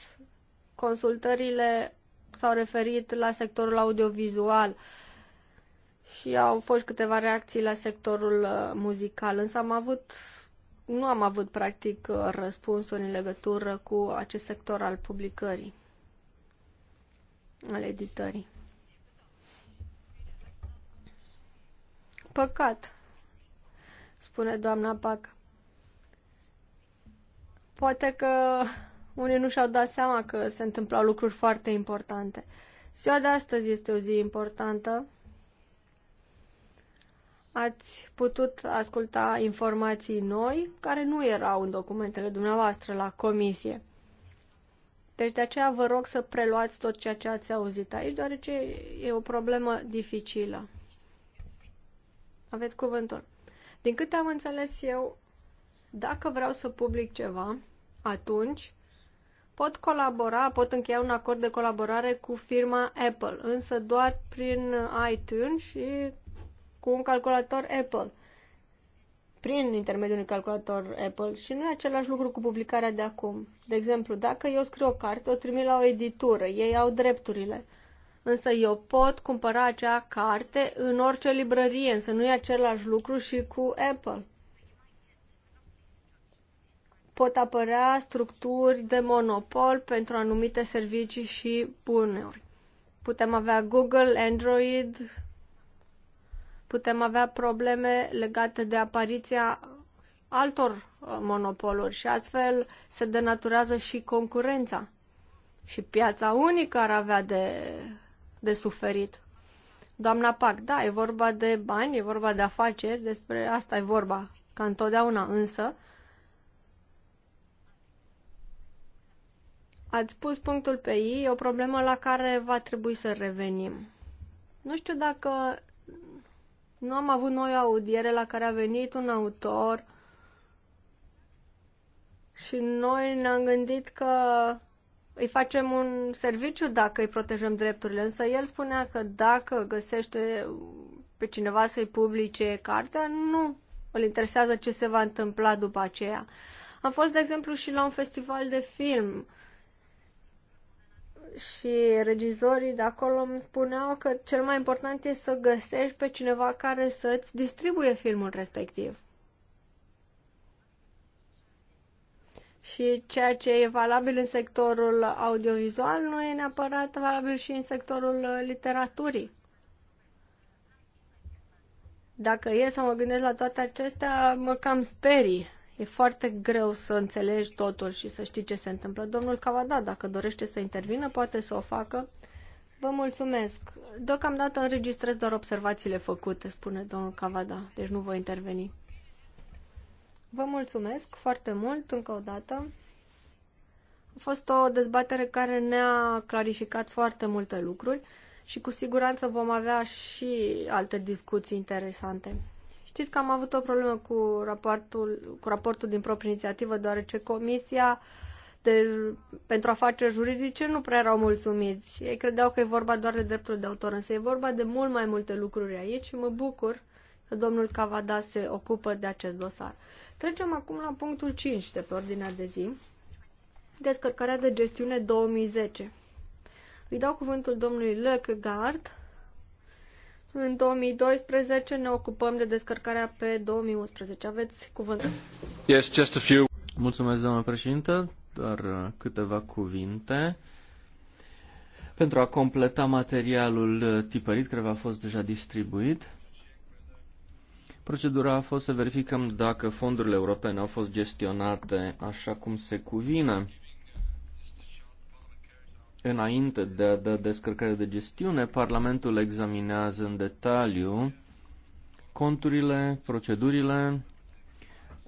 Consultările s-au referit la sectorul audiovizual și au fost câteva reacții la sectorul uh, muzical, însă am avut nu am avut practic uh, răspunsuri în legătură cu acest sector al publicării, al editării. Păcat, spune doamna Pac. Poate că unii nu și-au dat seama că se întâmplau lucruri foarte importante. Ziua de astăzi este o zi importantă. Ați putut asculta informații noi care nu erau în documentele dumneavoastră la comisie. Deci de aceea vă rog să preluați tot ceea ce ați auzit aici, deoarece e o problemă dificilă. Aveți cuvântul. Din câte am înțeles eu, dacă vreau să public ceva, atunci pot colabora, pot încheia un acord de colaborare cu firma Apple, însă doar prin iTunes și cu un calculator Apple. Prin intermediul unui calculator Apple și nu e același lucru cu publicarea de acum. De exemplu, dacă eu scriu o carte, o trimit la o editură, ei au drepturile însă eu pot cumpăra acea carte în orice librărie, însă nu e același lucru și cu Apple. Pot apărea structuri de monopol pentru anumite servicii și bunuri. Putem avea Google, Android, putem avea probleme legate de apariția altor uh, monopoluri și astfel se denaturează și concurența. Și piața unică ar avea de de suferit. Doamna Pac, da, e vorba de bani, e vorba de afaceri, despre asta e vorba, ca întotdeauna, însă ați pus punctul pe ei, e o problemă la care va trebui să revenim. Nu știu dacă nu am avut noi o audiere la care a venit un autor și noi ne-am gândit că îi facem un serviciu dacă îi protejăm drepturile, însă el spunea că dacă găsește pe cineva să-i publice cartea, nu îl interesează ce se va întâmpla după aceea. Am fost, de exemplu, și la un festival de film și regizorii de acolo îmi spuneau că cel mai important e să găsești pe cineva care să-ți distribuie filmul respectiv. Și ceea ce e valabil în sectorul audiovizual nu e neapărat valabil și în sectorul uh, literaturii. Dacă e să mă gândesc la toate acestea, mă cam sperii. E foarte greu să înțelegi totul și să știi ce se întâmplă. Domnul Cavada, dacă dorește să intervină, poate să o facă. Vă mulțumesc. Deocamdată înregistrez doar observațiile făcute, spune domnul Cavada, deci nu voi interveni. Vă mulțumesc foarte mult încă o dată. A fost o dezbatere care ne-a clarificat foarte multe lucruri și cu siguranță vom avea și alte discuții interesante. Știți că am avut o problemă cu raportul, cu raportul din proprie inițiativă, deoarece Comisia de, pentru afaceri juridice nu prea erau mulțumiți. Ei credeau că e vorba doar de dreptul de autor, însă e vorba de mult mai multe lucruri aici și mă bucur că domnul Cavada se ocupă de acest dosar. Trecem acum la punctul 5 de pe ordinea de zi, descărcarea de gestiune 2010. Îi dau cuvântul domnului Lecgard. În 2012 ne ocupăm de descărcarea pe 2011. Aveți cuvântul. Yes, just a few. Mulțumesc, doamnă președintă. Doar uh, câteva cuvinte. Pentru a completa materialul uh, tipărit, care v-a fost deja distribuit, Procedura a fost să verificăm dacă fondurile europene au fost gestionate așa cum se cuvine înainte de a da descărcare de gestiune, Parlamentul examinează în detaliu conturile, procedurile,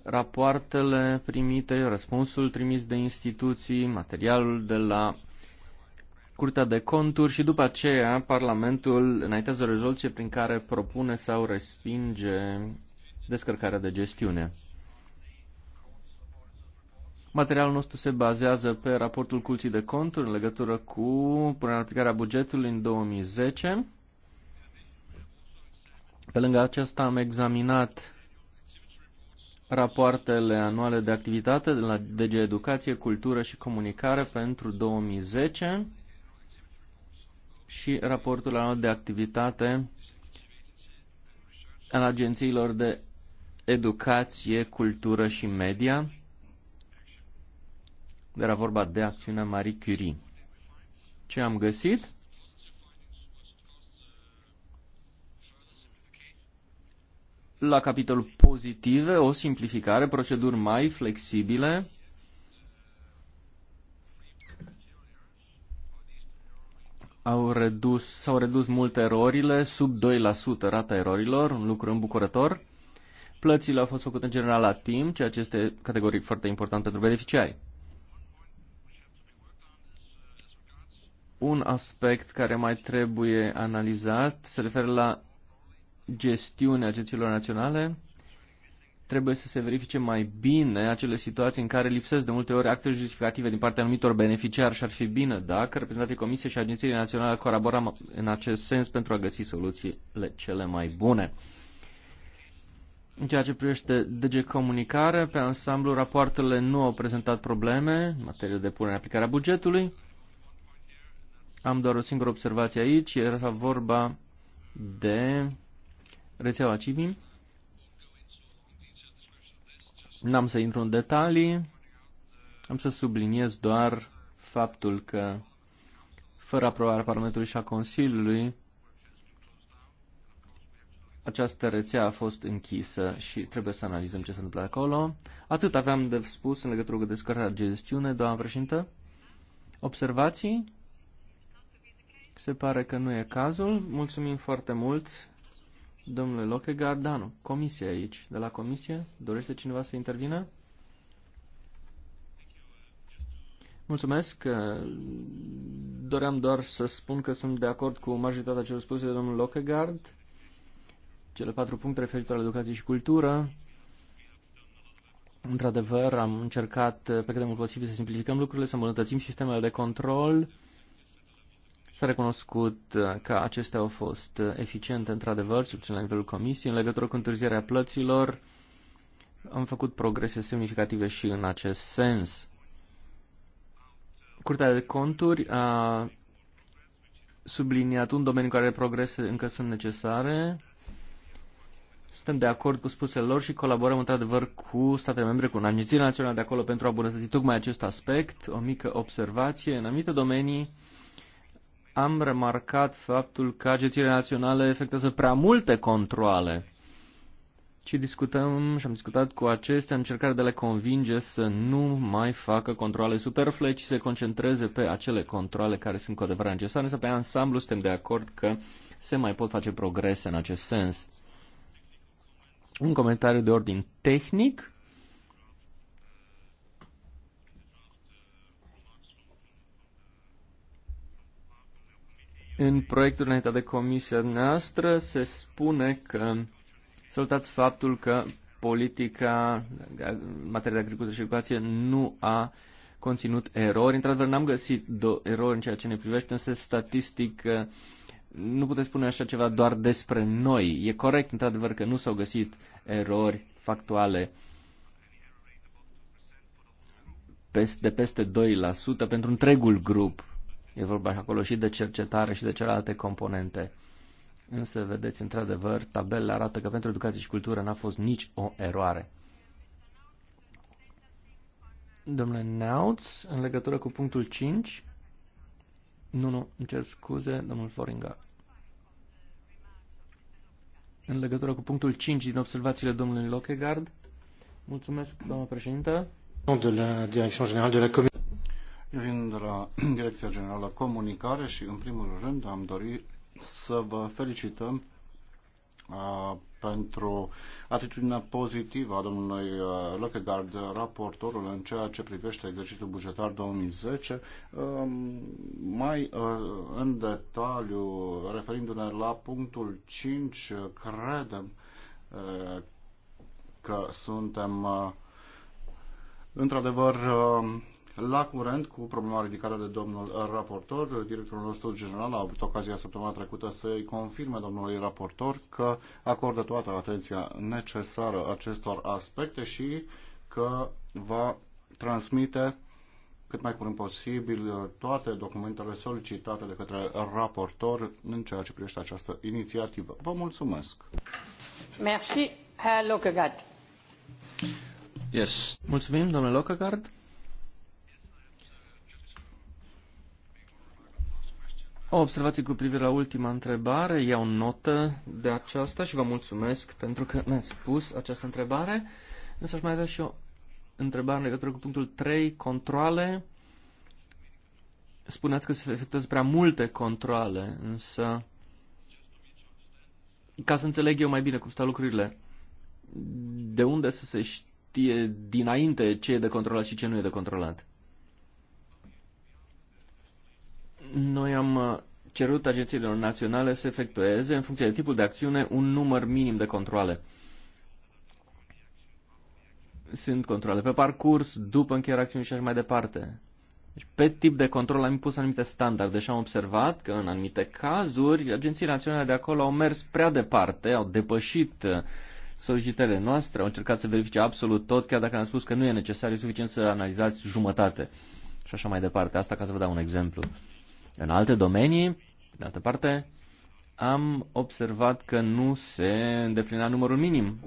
rapoartele primite, răspunsul trimis de instituții, materialul de la Curtea de Conturi și după aceea Parlamentul înaintează o rezoluție prin care propune sau respinge descărcarea de gestiune. Materialul nostru se bazează pe raportul Curții de Conturi în legătură cu punerea aplicarea bugetului în 2010. Pe lângă aceasta am examinat rapoartele anuale de activitate de la DG Educație, Cultură și Comunicare pentru 2010 și raportul anual de activitate al agențiilor de educație, cultură și media. Era vorba de acțiunea Marie Curie. Ce am găsit? La capitolul pozitive, o simplificare, proceduri mai flexibile, au redus, s-au redus mult erorile, sub 2% rata erorilor, un lucru îmbucurător. Plățile au fost făcute în general la timp, ceea ce este categoric foarte important pentru beneficiari. Un aspect care mai trebuie analizat se referă la gestiunea agențiilor naționale trebuie să se verifice mai bine acele situații în care lipsesc de multe ori acte justificative din partea anumitor beneficiari și ar fi bine dacă reprezentanții Comisiei și Agenției Naționale colaborăm în acest sens pentru a găsi soluțiile cele mai bune. În ceea ce privește DG Comunicare, pe ansamblu, rapoartele nu au prezentat probleme în materie de punere în aplicare a bugetului. Am doar o singură observație aici, era vorba de rețeaua CIVIM. N-am să intru în detalii, am să subliniez doar faptul că fără aprobarea Parlamentului și a Consiliului, această rețea a fost închisă și trebuie să analizăm ce se întâmplă acolo. Atât aveam de spus în legătură cu descărcarea de gestiune, doamna președintă. Observații? Se pare că nu e cazul. Mulțumim foarte mult Domnule Loche Gardano, da, Comisia aici. De la comisie, dorește cineva să intervină? Mulțumesc. Doream doar să spun că sunt de acord cu majoritatea celor spuse de domnul Lockegard. Cele patru puncte referitoare la educație și cultură. Într-adevăr, am încercat pe cât de mult posibil să simplificăm lucrurile, să îmbunătățim sistemele de control S-a recunoscut că acestea au fost eficiente, într-adevăr, cel la nivelul comisiei. În legătură cu întârzierea plăților, am făcut progrese semnificative și în acest sens. Curtea de conturi a subliniat un domeniu în care progrese încă sunt necesare. Suntem de acord cu spusele lor și colaborăm într-adevăr cu statele membre, cu Agenția Națională de acolo pentru a îmbunătăți tocmai acest aspect. O mică observație, în anumite domenii, am remarcat faptul că agențiile naționale efectuează prea multe controle. Și discutăm și am discutat cu acestea încercare de a le convinge să nu mai facă controle superflue, ci se concentreze pe acele controle care sunt cu adevărat necesare, însă pe ansamblu suntem de acord că se mai pot face progrese în acest sens. Un comentariu de ordin tehnic În proiectul înaintea de comisia noastră se spune că salutați faptul că politica în materie de agricultură și educație nu a conținut erori. Într-adevăr, n-am găsit erori în ceea ce ne privește, însă statistic uh, nu puteți spune așa ceva doar despre noi. E corect, într-adevăr, că nu s-au găsit erori factuale de peste 2% pentru întregul grup E vorba și acolo și de cercetare și de celelalte componente. Însă, vedeți, într-adevăr, tabelele arată că pentru educație și cultură n-a fost nici o eroare. Domnule Neauț, în legătură cu punctul 5, nu, nu, îmi cer scuze, domnul Foringa. În legătură cu punctul 5 din observațiile domnului Lockegard, mulțumesc, doamnă președintă. De la Direcția Generală de la Comisie. Direcția Generală Comunicare și, în primul rând, am dorit să vă felicităm a, pentru atitudinea pozitivă a domnului Lockegaard, raportorul în ceea ce privește exercițiul bugetar 2010, mai în detaliu, referindu-ne la punctul 5, credem că suntem într-adevăr la curent cu problema ridicată de domnul raportor. Directorul nostru general a avut ocazia săptămâna trecută să-i confirme domnului raportor că acordă toată atenția necesară acestor aspecte și că va transmite cât mai curând posibil toate documentele solicitate de către raportor în ceea ce privește această inițiativă. Vă mulțumesc! Merci, Herr Yes. Mulțumim, domnule Lockegaard. O observație cu privire la ultima întrebare. Iau notă de aceasta și vă mulțumesc pentru că mi-ați pus această întrebare. Însă aș mai avea și o întrebare în legătură cu punctul 3, controle. Spuneați că se efectuează prea multe controle, însă ca să înțeleg eu mai bine cum stau lucrurile, de unde să se știe dinainte ce e de controlat și ce nu e de controlat? Noi am uh, cerut agențiilor naționale să efectueze, în funcție de tipul de acțiune, un număr minim de controle. Sunt controle pe parcurs, după încheierea acțiunii și așa mai departe. Deci, pe tip de control am impus anumite standarde și deci, am observat că în anumite cazuri agențiile naționale de acolo au mers prea departe, au depășit uh, solicitările noastre, au încercat să verifice absolut tot, chiar dacă am spus că nu e necesar, e suficient să analizați jumătate și așa mai departe. Asta ca să vă dau un exemplu. În alte domenii, de altă parte, am observat că nu se îndeplinea numărul minim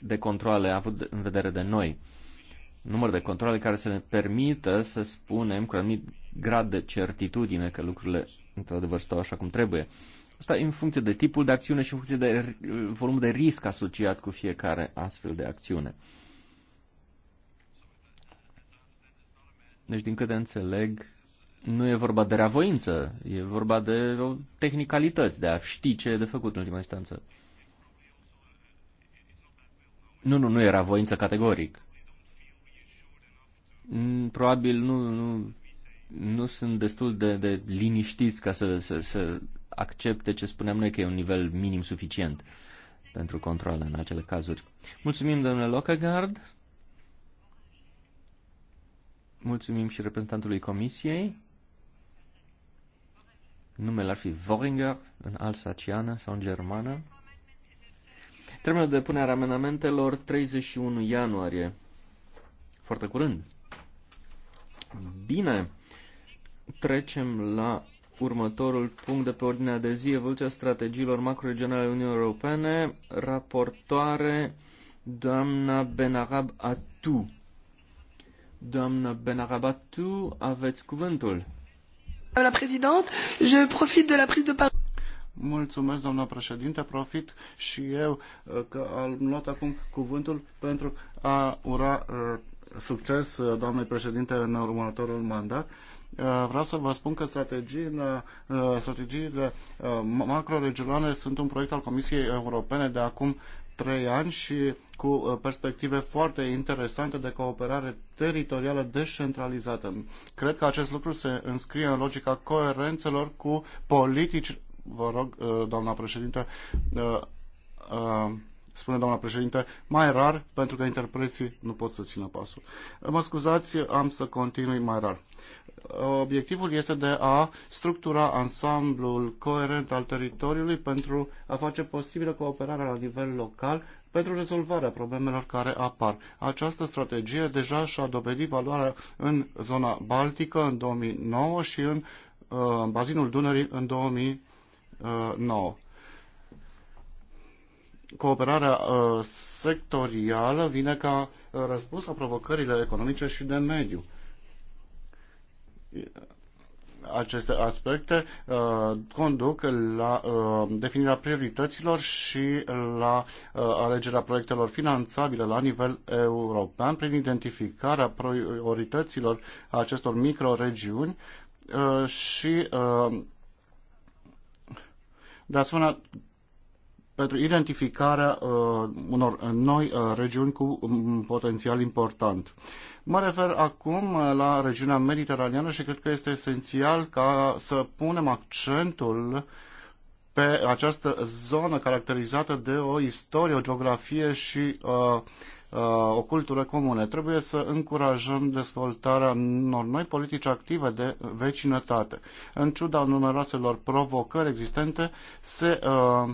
de controle avut în vedere de noi. Număr de controle care să ne permită să spunem cu un anumit grad de certitudine că lucrurile într-adevăr stau așa cum trebuie. Asta în funcție de tipul de acțiune și în funcție de volumul de risc asociat cu fiecare astfel de acțiune. Deci, din câte înțeleg, nu e vorba de reavoință, e vorba de o tehnicalități, de a ști ce e de făcut în ultima instanță. Nu, nu, nu era voință categoric. Mm, probabil nu, nu, nu sunt destul de, de liniștiți ca să, să, să accepte ce spuneam noi că e un nivel minim suficient pentru control în acele cazuri. Mulțumim, domnule Lockegaard. Mulțumim și reprezentantului Comisiei numele ar fi Voringer în alsaciană sau în germană. Termenul de punere a amenamentelor 31 ianuarie. Foarte curând. Bine, trecem la următorul punct de pe ordinea de zi, evoluția strategiilor macroregionale Uniunii Europene, raportoare doamna Benarab Atu. Doamna Benarab Atu, aveți cuvântul. La Mulțumesc, doamna președinte. Profit și eu uh, că am luat acum cuvântul pentru a ura uh, succes uh, doamnei președinte în următorul mandat. Vreau să vă spun că strategiile, strategiile macro-regionale sunt un proiect al Comisiei Europene de acum trei ani și cu uh, perspective foarte interesante de cooperare teritorială descentralizată. Cred că acest lucru se înscrie în logica coerențelor cu politici, vă rog, uh, doamna președinte, uh, spune doamna președinte, mai rar, pentru că interpreții nu pot să țină pasul. Mă scuzați, am să continui mai rar. Obiectivul este de a structura ansamblul coerent al teritoriului pentru a face posibilă cooperarea la nivel local pentru rezolvarea problemelor care apar. Această strategie deja și-a dovedit valoarea în zona Baltică în 2009 și în uh, bazinul Dunării în 2009 cooperarea uh, sectorială vine ca uh, răspuns la provocările economice și de mediu. Aceste aspecte uh, conduc la definirea priorităților și la alegerea proiectelor finanțabile la nivel european prin identificarea priorităților acestor microregiuni și de asemenea pentru identificarea uh, unor uh, noi uh, regiuni cu um, un potențial important. Mă refer acum uh, la regiunea mediteraneană și cred că este esențial ca să punem accentul pe această zonă caracterizată de o istorie, o geografie și uh, uh o cultură comune. Trebuie să încurajăm dezvoltarea unor noi politici active de vecinătate. În ciuda numeroaselor provocări existente, se uh,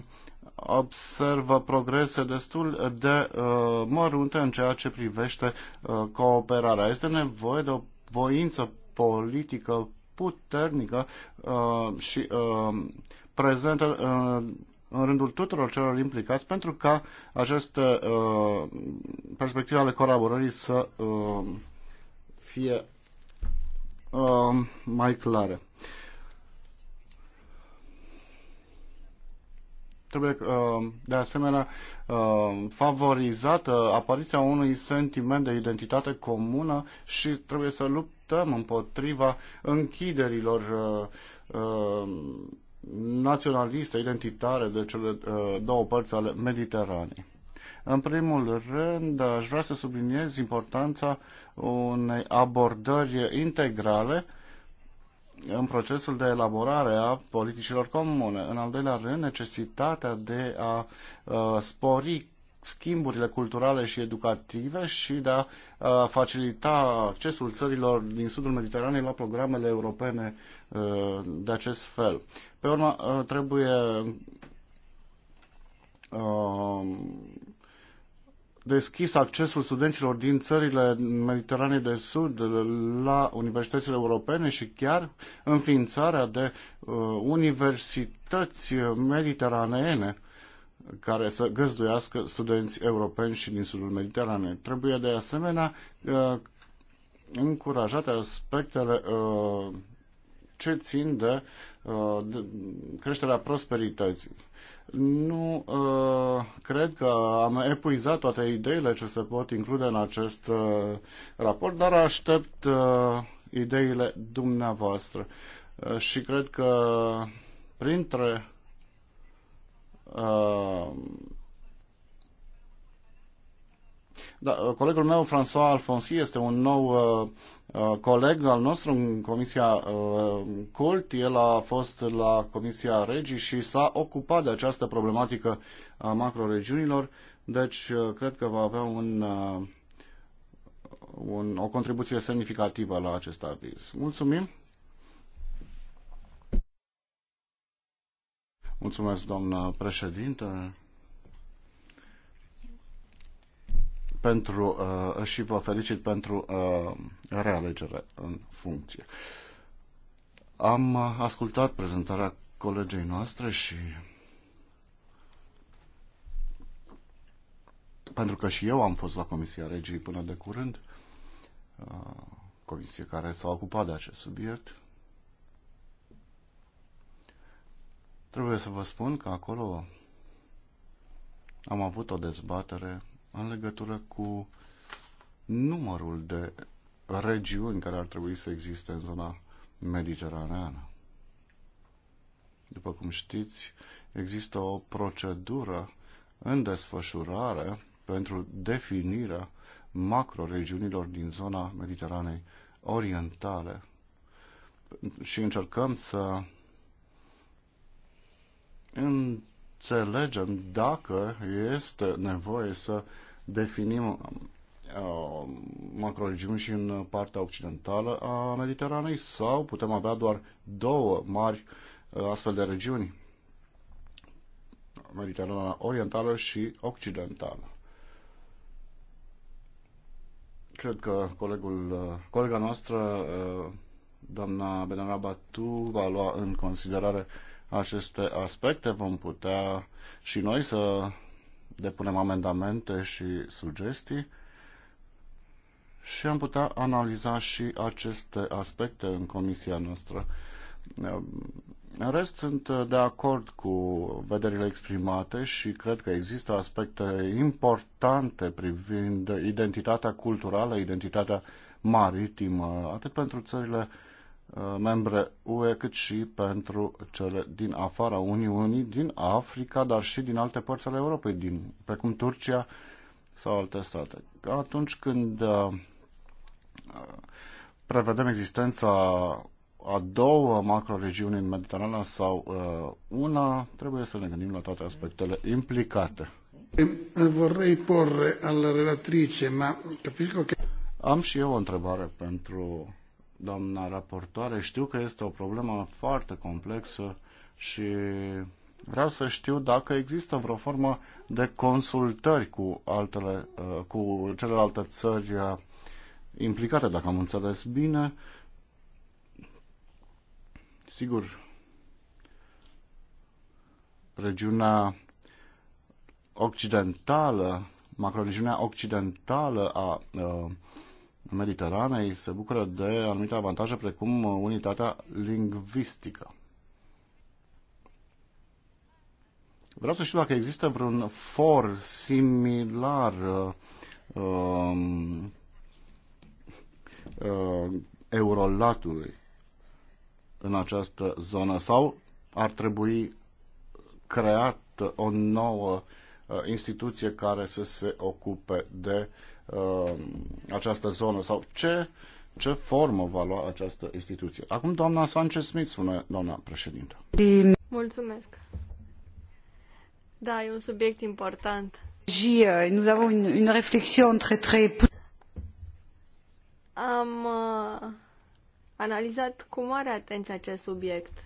observă progrese destul de uh, mărunte în ceea ce privește uh, cooperarea. Este nevoie de o voință politică puternică uh, și uh, prezentă uh, în rândul tuturor celor implicați pentru ca aceste uh, perspective ale colaborării să uh, fie uh, mai clare. Trebuie uh, de asemenea uh, favorizată apariția unui sentiment de identitate comună și trebuie să luptăm împotriva închiderilor uh, naționaliste, identitare de cele două părți ale Mediteranei. În primul rând, aș vrea să subliniez importanța unei abordări integrale în procesul de elaborare a politicilor comune. În al doilea rând, necesitatea de a uh, spori schimburile culturale și educative și de a uh, facilita accesul țărilor din sudul Mediteranei la programele europene uh, de acest fel. Pe urmă, trebuie deschis accesul studenților din țările Mediteranei de Sud la universitățile europene și chiar înființarea de uh, universități mediteraneene care să găzduiască studenți europeni și din sudul Mediteranei. Trebuie de asemenea uh, încurajate aspectele uh, ce țin de, uh, de creșterea prosperității. Nu uh, cred că am epuizat toate ideile ce se pot include în acest uh, raport, dar aștept uh, ideile dumneavoastră. Uh, și cred că printre uh, da, uh, colegul meu, François Alfonsi, este un nou uh, Uh, coleg al nostru în Comisia uh, Cult, el a fost la Comisia Regii și s-a ocupat de această problematică a macroregiunilor, deci uh, cred că va avea un, un, o contribuție semnificativă la acest aviz. Mulțumim! Mulțumesc, doamnă președinte. pentru, uh, și vă felicit pentru uh, realegere în funcție. Am uh, ascultat prezentarea colegei noastre și pentru că și eu am fost la Comisia Regii până de curând, uh, comisie care s-a ocupat de acest subiect, trebuie să vă spun că acolo am avut o dezbatere în legătură cu numărul de regiuni care ar trebui să existe în zona mediteraneană. După cum știți, există o procedură în desfășurare pentru definirea macroregiunilor din zona Mediteranei Orientale și încercăm să în înțelegem dacă este nevoie să definim uh, macroregiuni și în partea occidentală a Mediteranei sau putem avea doar două mari uh, astfel de regiuni, Mediterana Orientală și Occidentală. Cred că colegul, uh, colega noastră, uh, doamna Benarabatu, va lua în considerare uh, aceste aspecte, vom putea și noi să depunem amendamente și sugestii și am putea analiza și aceste aspecte în comisia noastră. În rest, sunt de acord cu vederile exprimate și cred că există aspecte importante privind identitatea culturală, identitatea maritimă, atât pentru țările uh, Uh, membre UE, cât și pentru cele din afara Uniunii, din Africa, dar și din alte părți ale Europei, din, precum Turcia sau alte state. Atunci când uh, prevedem existența a două macroregiuni în Mediterana sau uh, una, trebuie să ne gândim la toate aspectele implicate. Vorrei porre alla relatrice, ma capisco che... Am și eu o întrebare pentru doamna raportoare. Știu că este o problemă foarte complexă și vreau să știu dacă există vreo formă de consultări cu, altele, uh, cu celelalte țări uh, implicate, dacă am înțeles bine. Sigur, regiunea occidentală, macroregiunea occidentală a uh, Mediteranei se bucură de anumite avantaje precum uh, unitatea lingvistică. Vreau să știu dacă există vreun for similar uh, um, uh, eurolatului în această zonă sau ar trebui creat o nouă uh, Uh, instituție care să se ocupe de uh, această zonă sau ce, ce formă va lua această instituție. Acum doamna Sanchez-Smith spune doamna președintă. Mulțumesc. Da, e un subiect important. Și uh, nous avons une, une réflexion très très Am uh, analizat cu mare atenție acest subiect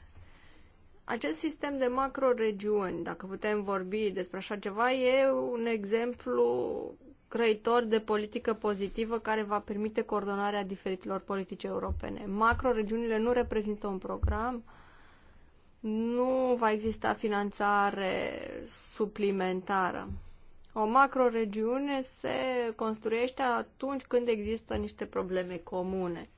acest sistem de macro-regiuni, dacă putem vorbi despre așa ceva, e un exemplu creator de politică pozitivă care va permite coordonarea diferitelor politici europene. Macroregiunile nu reprezintă un program, nu va exista finanțare suplimentară. O macroregiune se construiește atunci când există niște probleme comune.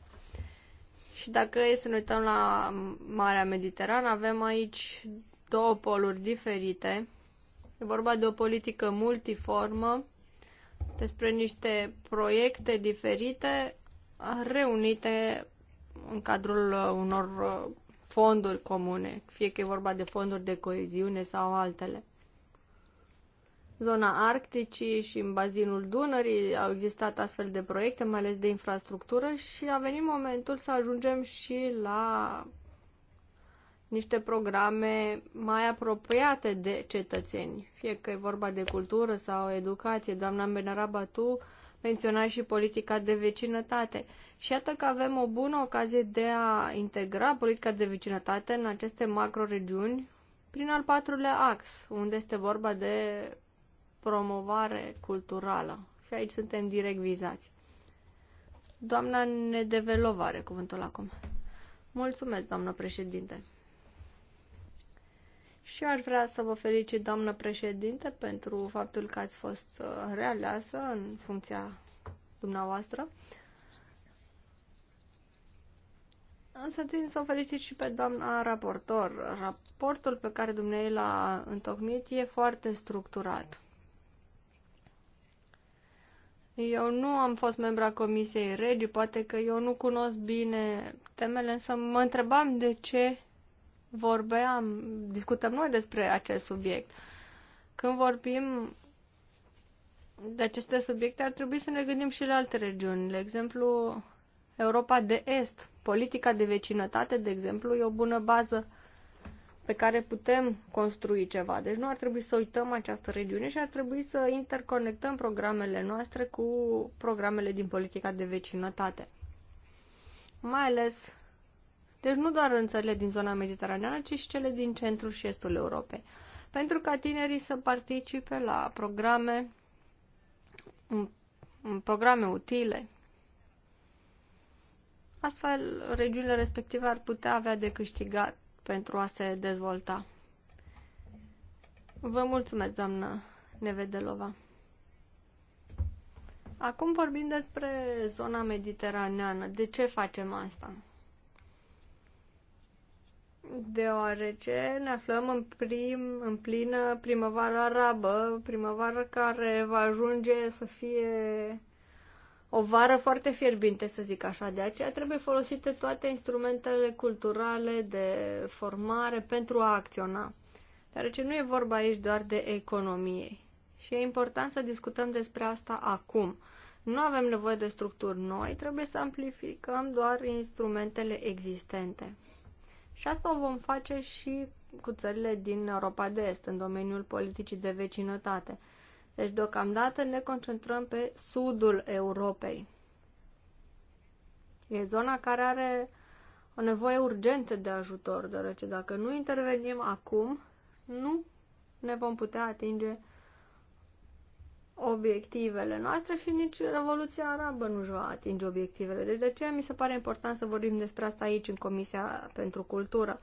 Și dacă e să ne uităm la Marea Mediterană, avem aici două poluri diferite. E vorba de o politică multiformă despre niște proiecte diferite reunite în cadrul uh, unor uh, fonduri comune, fie că e vorba de fonduri de coeziune sau altele zona Arcticii și în bazinul Dunării au existat astfel de proiecte, mai ales de infrastructură și a venit momentul să ajungem și la niște programe mai apropiate de cetățeni, fie că e vorba de cultură sau educație. Doamna Benaraba, tu menționai și politica de vecinătate. Și iată că avem o bună ocazie de a integra politica de vecinătate în aceste macroregiuni prin al patrulea ax, unde este vorba de promovare culturală. Și aici suntem direct vizați. Doamna Nedevelova are cuvântul acum. Mulțumesc, doamnă președinte. Și aș vrea să vă felicit, doamnă președinte, pentru faptul că ați fost uh, realeasă în funcția dumneavoastră. Însă țin să o felicit și pe doamna raportor. Raportul pe care dumneavoastră l-a întocmit e foarte structurat. Eu nu am fost membra Comisiei Regi, poate că eu nu cunosc bine temele, însă mă întrebam de ce vorbeam, discutăm noi despre acest subiect. Când vorbim de aceste subiecte, ar trebui să ne gândim și la alte regiuni. De exemplu, Europa de Est. Politica de vecinătate, de exemplu, e o bună bază pe care putem construi ceva. Deci nu ar trebui să uităm această regiune și ar trebui să interconectăm programele noastre cu programele din politica de vecinătate. Mai ales, deci nu doar în țările din zona mediteraneană, ci și cele din centrul și estul Europei. Pentru ca tinerii să participe la programe, programe utile, Astfel, regiunile respective ar putea avea de câștigat pentru a se dezvolta. Vă mulțumesc, doamnă Nevedelova. Acum vorbim despre zona mediteraneană. De ce facem asta? Deoarece ne aflăm în, prim, în plină primăvară arabă, primăvară care va ajunge să fie o vară foarte fierbinte, să zic așa. De aceea trebuie folosite toate instrumentele culturale de formare pentru a acționa. Deoarece nu e vorba aici doar de economie. Și e important să discutăm despre asta acum. Nu avem nevoie de structuri noi, trebuie să amplificăm doar instrumentele existente. Și asta o vom face și cu țările din Europa de Est, în domeniul politicii de vecinătate – deci, deocamdată, ne concentrăm pe sudul Europei. E zona care are o nevoie urgentă de ajutor, deoarece dacă nu intervenim acum, nu ne vom putea atinge obiectivele noastre și nici Revoluția Arabă nu își va atinge obiectivele. Deci de ce mi se pare important să vorbim despre asta aici, în Comisia pentru Cultură?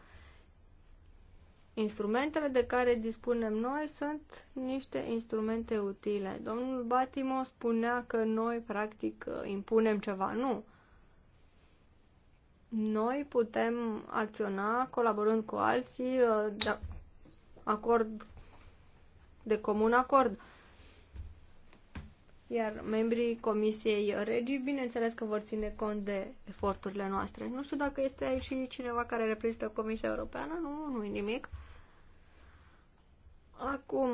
Instrumentele de care dispunem noi sunt niște instrumente utile. Domnul Batimo spunea că noi, practic, impunem ceva. Nu. Noi putem acționa colaborând cu alții, uh, de acord, de comun acord. Iar membrii Comisiei Regii, bineînțeles că vor ține cont de eforturile noastre. Nu știu dacă este aici și cineva care reprezintă Comisia Europeană, nu, nu-i nimic. Acum,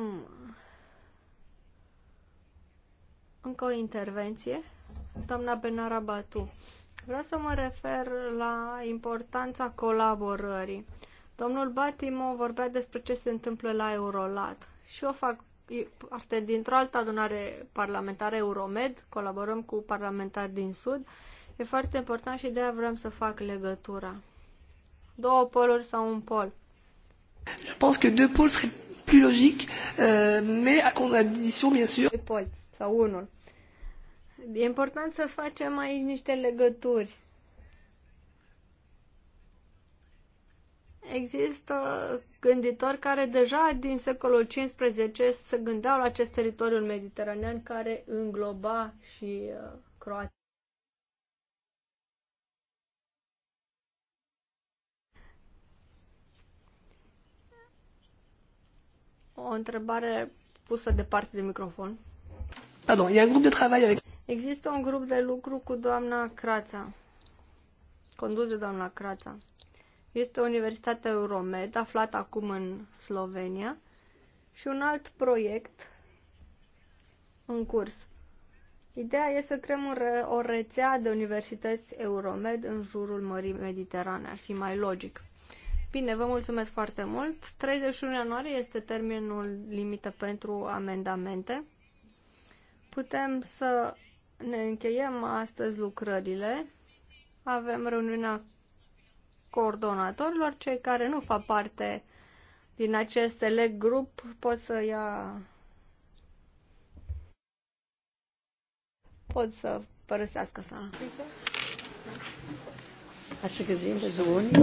încă o intervenție. Doamna Benarabatu. vreau să mă refer la importanța colaborării. Domnul Batimo vorbea despre ce se întâmplă la Eurolat și o fac parte dintr-o altă adunare parlamentară Euromed, colaborăm cu parlamentari din Sud. E foarte important și de aia vrem să fac legătura. Două poluri sau un pol. Je pense que deux pôles seraient plus logique, euh, mais à condition, bien sûr. Paul, sau unul. E important să facem aici niște legături. Există gânditori care deja din secolul XV se gândeau la acest teritoriul mediteranean care îngloba și uh, Croația. O întrebare pusă departe de microfon. Pardon, e un grup de travail avec... Există un grup de lucru cu doamna Crața, condus de doamna Crața. Este Universitatea Euromed, aflată acum în Slovenia, și un alt proiect în curs. Ideea este să creăm o rețea de universități Euromed în jurul Mării Mediterane. Ar fi mai logic. Bine, vă mulțumesc foarte mult. 31 ianuarie este termenul limită pentru amendamente. Putem să ne încheiem astăzi lucrările. Avem reuniunea coordonatorilor. Cei care nu fac parte din acest select grup pot să ia pot să părăsească sala. așa că zi, de Sohn?